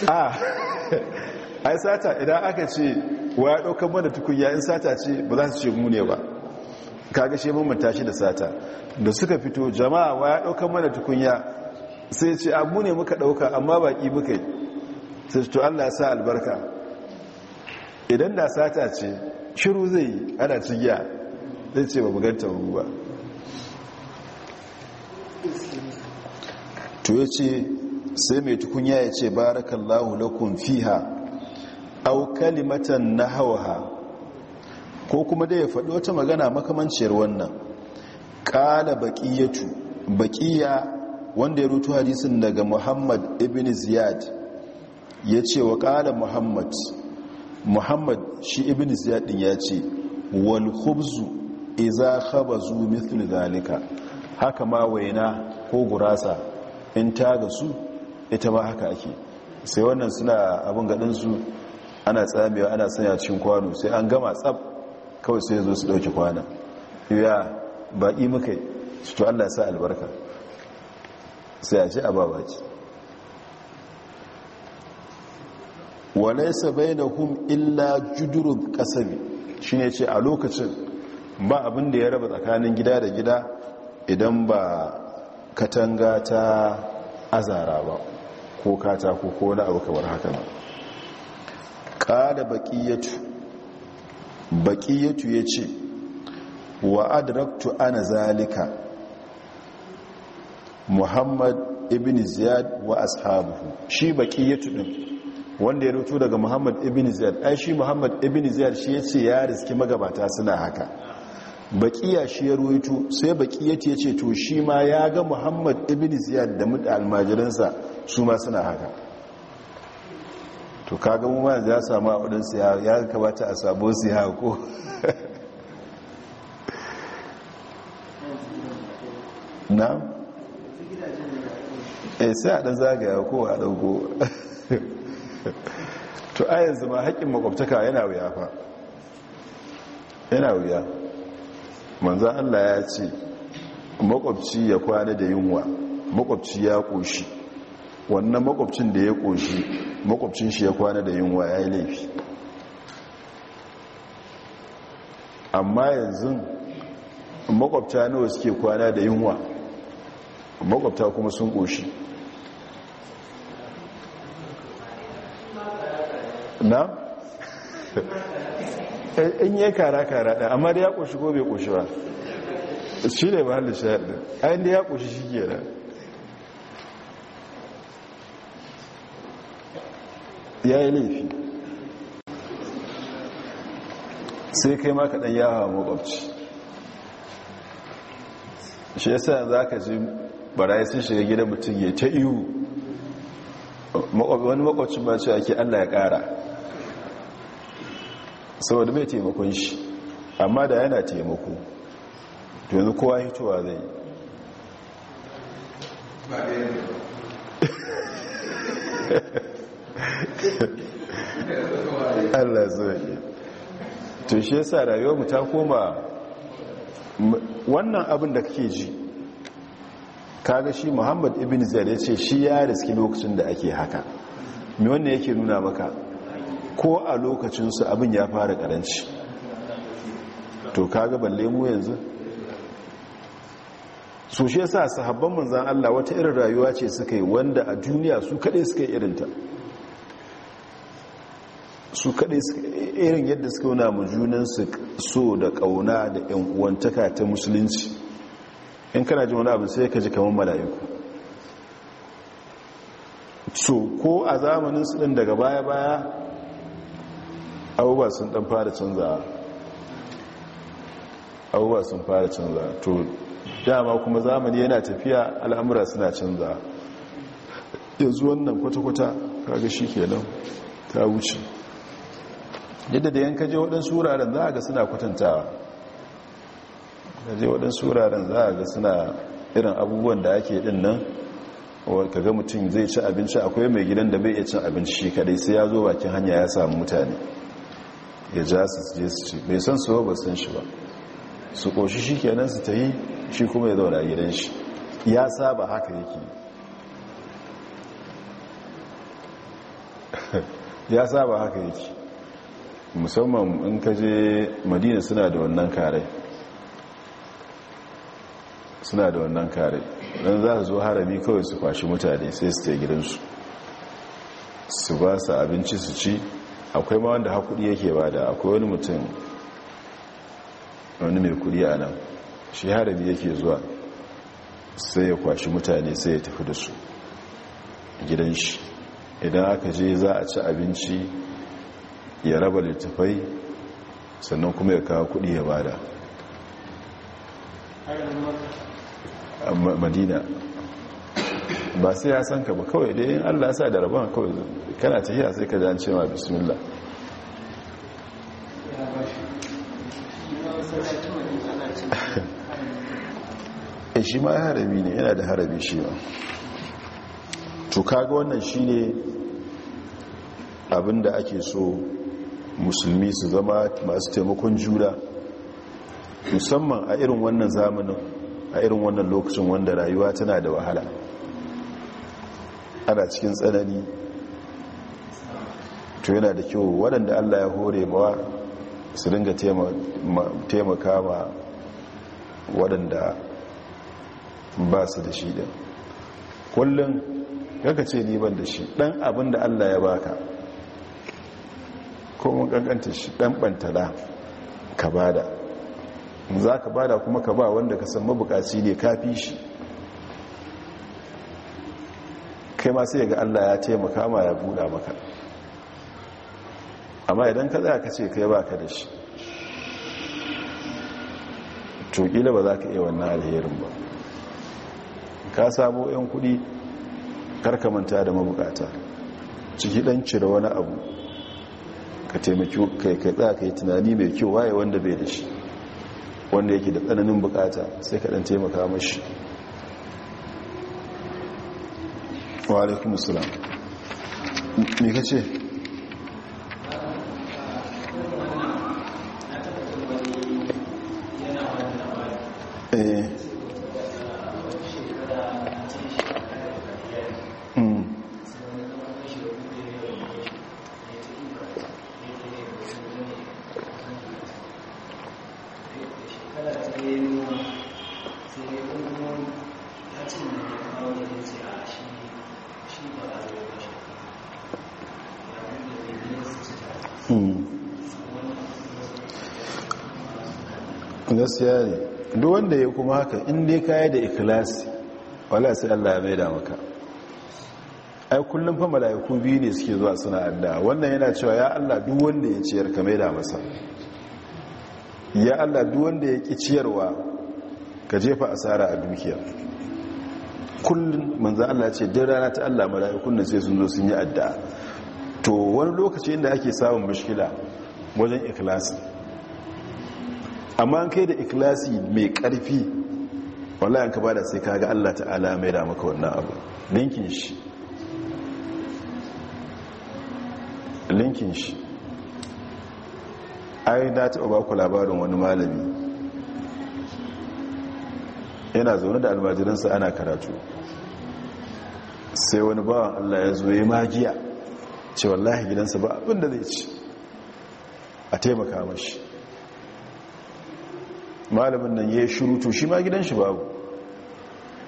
a ah. ai sata idan aka ce wa ya ɗaukar mana tukunya in sata ce ba za su ce mu ba kaga shi mun tashi da sata da suka fito jama'a wa ya ɗaukar mana tukunya sai ce a ah, mu muka ɗauka amma baƙi muka yi sai to allah sa albarka idan da sata ce shiru zai yi ana cigiya zai ce ba buganta ba to sai mai tukunya ya ce barakallahu lakum fiha au kalimatan nahwaha ko kuma da ya faɗi wata magana makamanciyar wannan ƙala baƙiyatu baƙiya wanda ya rutu hadisin daga muhammad ibn ziyad ya ce wa ƙala muhammad muhammad shi ibn ziyad ɗin ya ce wal khubzu ba zu mithl zalika haka ma waina ko gurasa in ta gasu ita ma haka ake sai wannan suna abin gadinsu ana tsamewa ana sanya cikin kwano sai an gama tsab kawai sai zo su ɗauki kwanan ya baƙi muka yi to allah sa albarka sai a ce a babaci walaisa bai da hun illa judurub kasabi shi ne ce a lokacin ba abin da ya raba tsakanin gida da gida idan ba katanga ta azara ba ko katako ko wani abu kamar haka ba ƙada baƙiyatu baƙiyatu ya ce wa adraktu ana zalika muhammad ibn ziyad wa ashabuhu shi baƙiyatu ɗin wanda ya rutu daga muhammad ibn ziyad ai shi muhammad ibn ziyad shi ya ce ya riski magabata suna haka baƙiya shi ya ruwaito sai baƙiya ya ce to shi ma ya ga muhammad ibn ziyad da muda almajiransa su ma suna haka to kaga mu ma ya samu a siya ya kamata a sabo su ko na? eh sai a ɗan zagaya ko a ɗango to a yanzu ma haƙƙin makwabtaka yana wuya fa yana wuya manzan allah ya ce makwabci ya kwana da yunwa makwabci ya ƙoshi wannan makwabcin da ya ƙoshi makwabcin shi ya kwana da yunwa ya yi laifi amma yanzu makwabta nawa suke kwana da yunwa makwabta kuma sun ƙoshi na? in yi kara kara da amma da ya ƙoshi ko bai ƙoshi ba shi ne ba halin shayar ɗin ayin da ya ƙoshi shi ke da ya yi laifi sai kai ma kaɗan ya hawa makwabci shi yasa za ka ji barayi sun shiga gidan mutum ya ta iyu wani makwabcin ba ce ake allah ya ƙara saboda mai taimakon shi amma da yana taimako to yanzu kowa hitowa zai Allah zai to shi yasa rayuwar mu ta koma wannan abin da kake ji ga shi Muhammad ibn zai ce shi ya riski lokacin da ake haka me wannan yake nuna maka ko a lokacinsu abin ya fara karanci to kaga balle mu yanzu su shi yasa sahabban manzan Allah wata irin rayuwa ce suka yi wanda a duniya su kaɗai suka yi irinta su kaɗai irin yadda suka wuna mu junansu so da ƙauna da ‘yan uwantaka ta musulunci in kana ji wani abu sai ka ji kamar mala'iku so ko a zamanin su ɗin daga baya-baya abubuwa sun dan fara canza abubuwa sun fara canza to dama kuma zamani yana tafiya al'amura suna canza yanzu wannan kwata-kwata kaga shi kenan ta wuce yadda da yanka je waɗansu wuraren za a ga suna kwatantawa da je waɗansu wuraren za a ga suna irin abubuwan da ake ɗin nan ka ga mutum zai ci abinci akwai mai gidan da bai iya cin abinci shi kadai sai ya zo bakin hanya ya samu mutane ya ja su je su ci bai san su ba san shi ba su koshi shi kenan su ta yi shi kuma ya zaura gidan shi ya saba haka yake ya saba haka yake musamman in ka je madina suna da wannan kare suna da wannan kare don za su zo harami kawai su kwashi mutane sai su ta gidansu su ba su abinci su ci akwai ma wanda hakuri yake bada akwai wani mutum wani mai kudi a nan shi harami yake zuwa sai ya kwashi mutane sai ya tafi da su gidan shi idan aka je za a ci abinci ya raba littafai sannan kuma ya kawo kudi ya bada madina ba sai ya san ka ba kawai dai in allah sa da rabon kawai kana tafiya sai ka ji an ce ma bismillah e shi ma harabi ne yana da harabi shi ma to kaga wannan shine ne abinda ake so musulmi su zama masu taimakon juna musamman a irin wannan zamanin a irin wannan lokacin wanda rayuwa tana da wahala ana cikin tsanani to yana da kyau waɗanda allah ya hore ba su dinga taimaka ma waɗanda ba su da shi ɗin kullum kaka ce ban da shi ɗan abin da allah ya baka mun ƙanƙanta shi ɗan bantala ka bada za ka bada kuma ka ba wanda ka san mabukaci ne kafi shi kai ma sai ga Allah ya taimaka ma ya buɗa maka amma idan ka za ka ce kai ba ka da shi tukila ba za ka iya wannan alherin ba ka samu 'yan kuɗi karkamanta da mabukata ciki dan cire wani abu ka taimaki kai kai za ka yi tunani mai kyau waye wanda bai da shi wanda yake da tsananin bukata sai ka ɗan taimaka mashi wa alaikumussalam assalam me kace gaskiya ne duk wanda ya kuma haka inda ya kaya da ikilasi wala sai allah ya maida maka ai kullum fa mala'iku biyu ne suke zuwa suna adda wannan yana cewa ya allah duk wanda ya ciyar ka maida masa ya allah duk wanda ya ki ciyarwa ka jefa asara a dukiya kullum manzan allah ce duk rana ta allah mala'ikun nan sai sun zo sun yi adda to wani lokaci inda ake samun mashkila wajen ikilasi amma an kai da ikilasi mai karfi wallah an ka bada sai kaga Allah ta'ala mai da maka wannan abu linkin shi linkin shi ai na taɓa ba ku labarin wani malami yana zaune da almajiransa ana karatu sai wani bawan Allah ya zo ya magiya ce wallahi gidansa ba abinda zai ci a taimaka mashi malamin nan ya shiru to shi ma gidan shi babu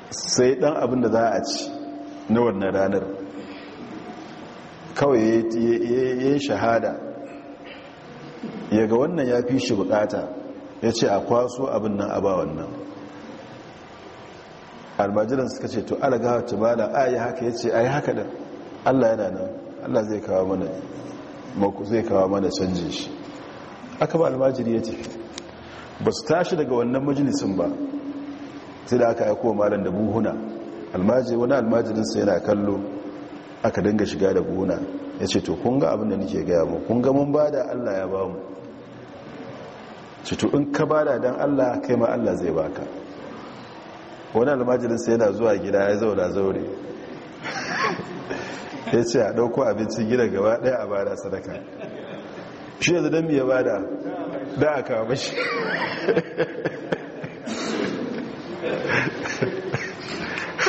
sai dan abin da za a ci na wannan ranar kawai ya yi shahada ya ga wannan ya fi shi bukata ya ce a kwaso abin nan a ba wannan almajiran suka ce to ala gawa bada a yi haka ya ce a yi haka da allah yana nan allah zai kawo mana zai kawo mana canjin shi aka ba almajiri ya tafi ba su tashi daga wannan majalisun ba sai da aka aiko malam da buhuna almaji wani sai yana kallo aka dinga shiga da buhuna ya ce to kunga abin da nike gaya mu kunga mun ba da allah ya ba mu ce in ka ba da don allah kai ma allah zai ba ka. wani sai yana zuwa gida ya zauna zaure ya ce a ɗauko abincin gida gaba ɗaya a bada sadaka shi yanzu don ya ba da? da a kawo mashi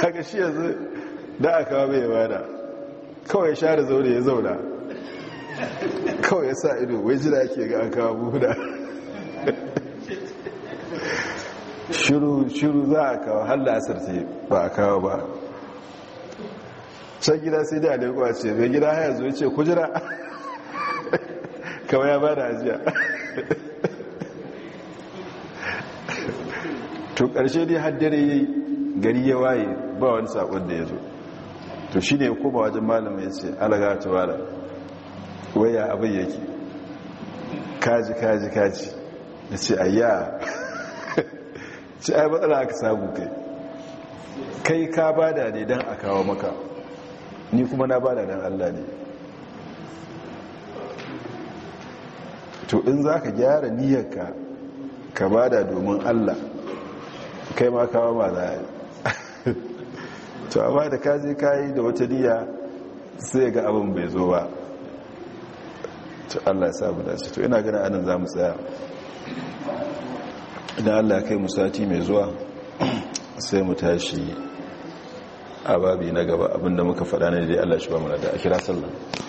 haka shi yanzu da a kawo mai bada kawai sha da zaune ya zauna kawai ya sa ido wai jira ke ga an kawo buhuda shiru za a kawo halla asirce ba a kawo ba can gida sai da alaikuwa ce mai gida haya zuwa ce kujira kawai ya ba da ajiya to ƙarshe dai haddare ya yi gari ya waye ba wani saƙon da ya zo to shi ne kuma wajen malama ya ce alaga ta wala waya abin yake kaji kaji kaji ya ce ayya ci ai matsala aka samu kai kai ka bada ne don a kawo maka ni kuma na bada don allah ne to in za ka gyara niyyarka ka bada domin allah kai ma kawo ma za a yi to amma da kaji kayi da wata niyya sai ga abin bai zo ba to allah ya da dace to ina ganin anan za mu tsaya idan allah ya kai mu sati mai zuwa sai mu tashi a babi na gaba abinda muka faɗa ne dai allah shi ba mu na da akira kira sallah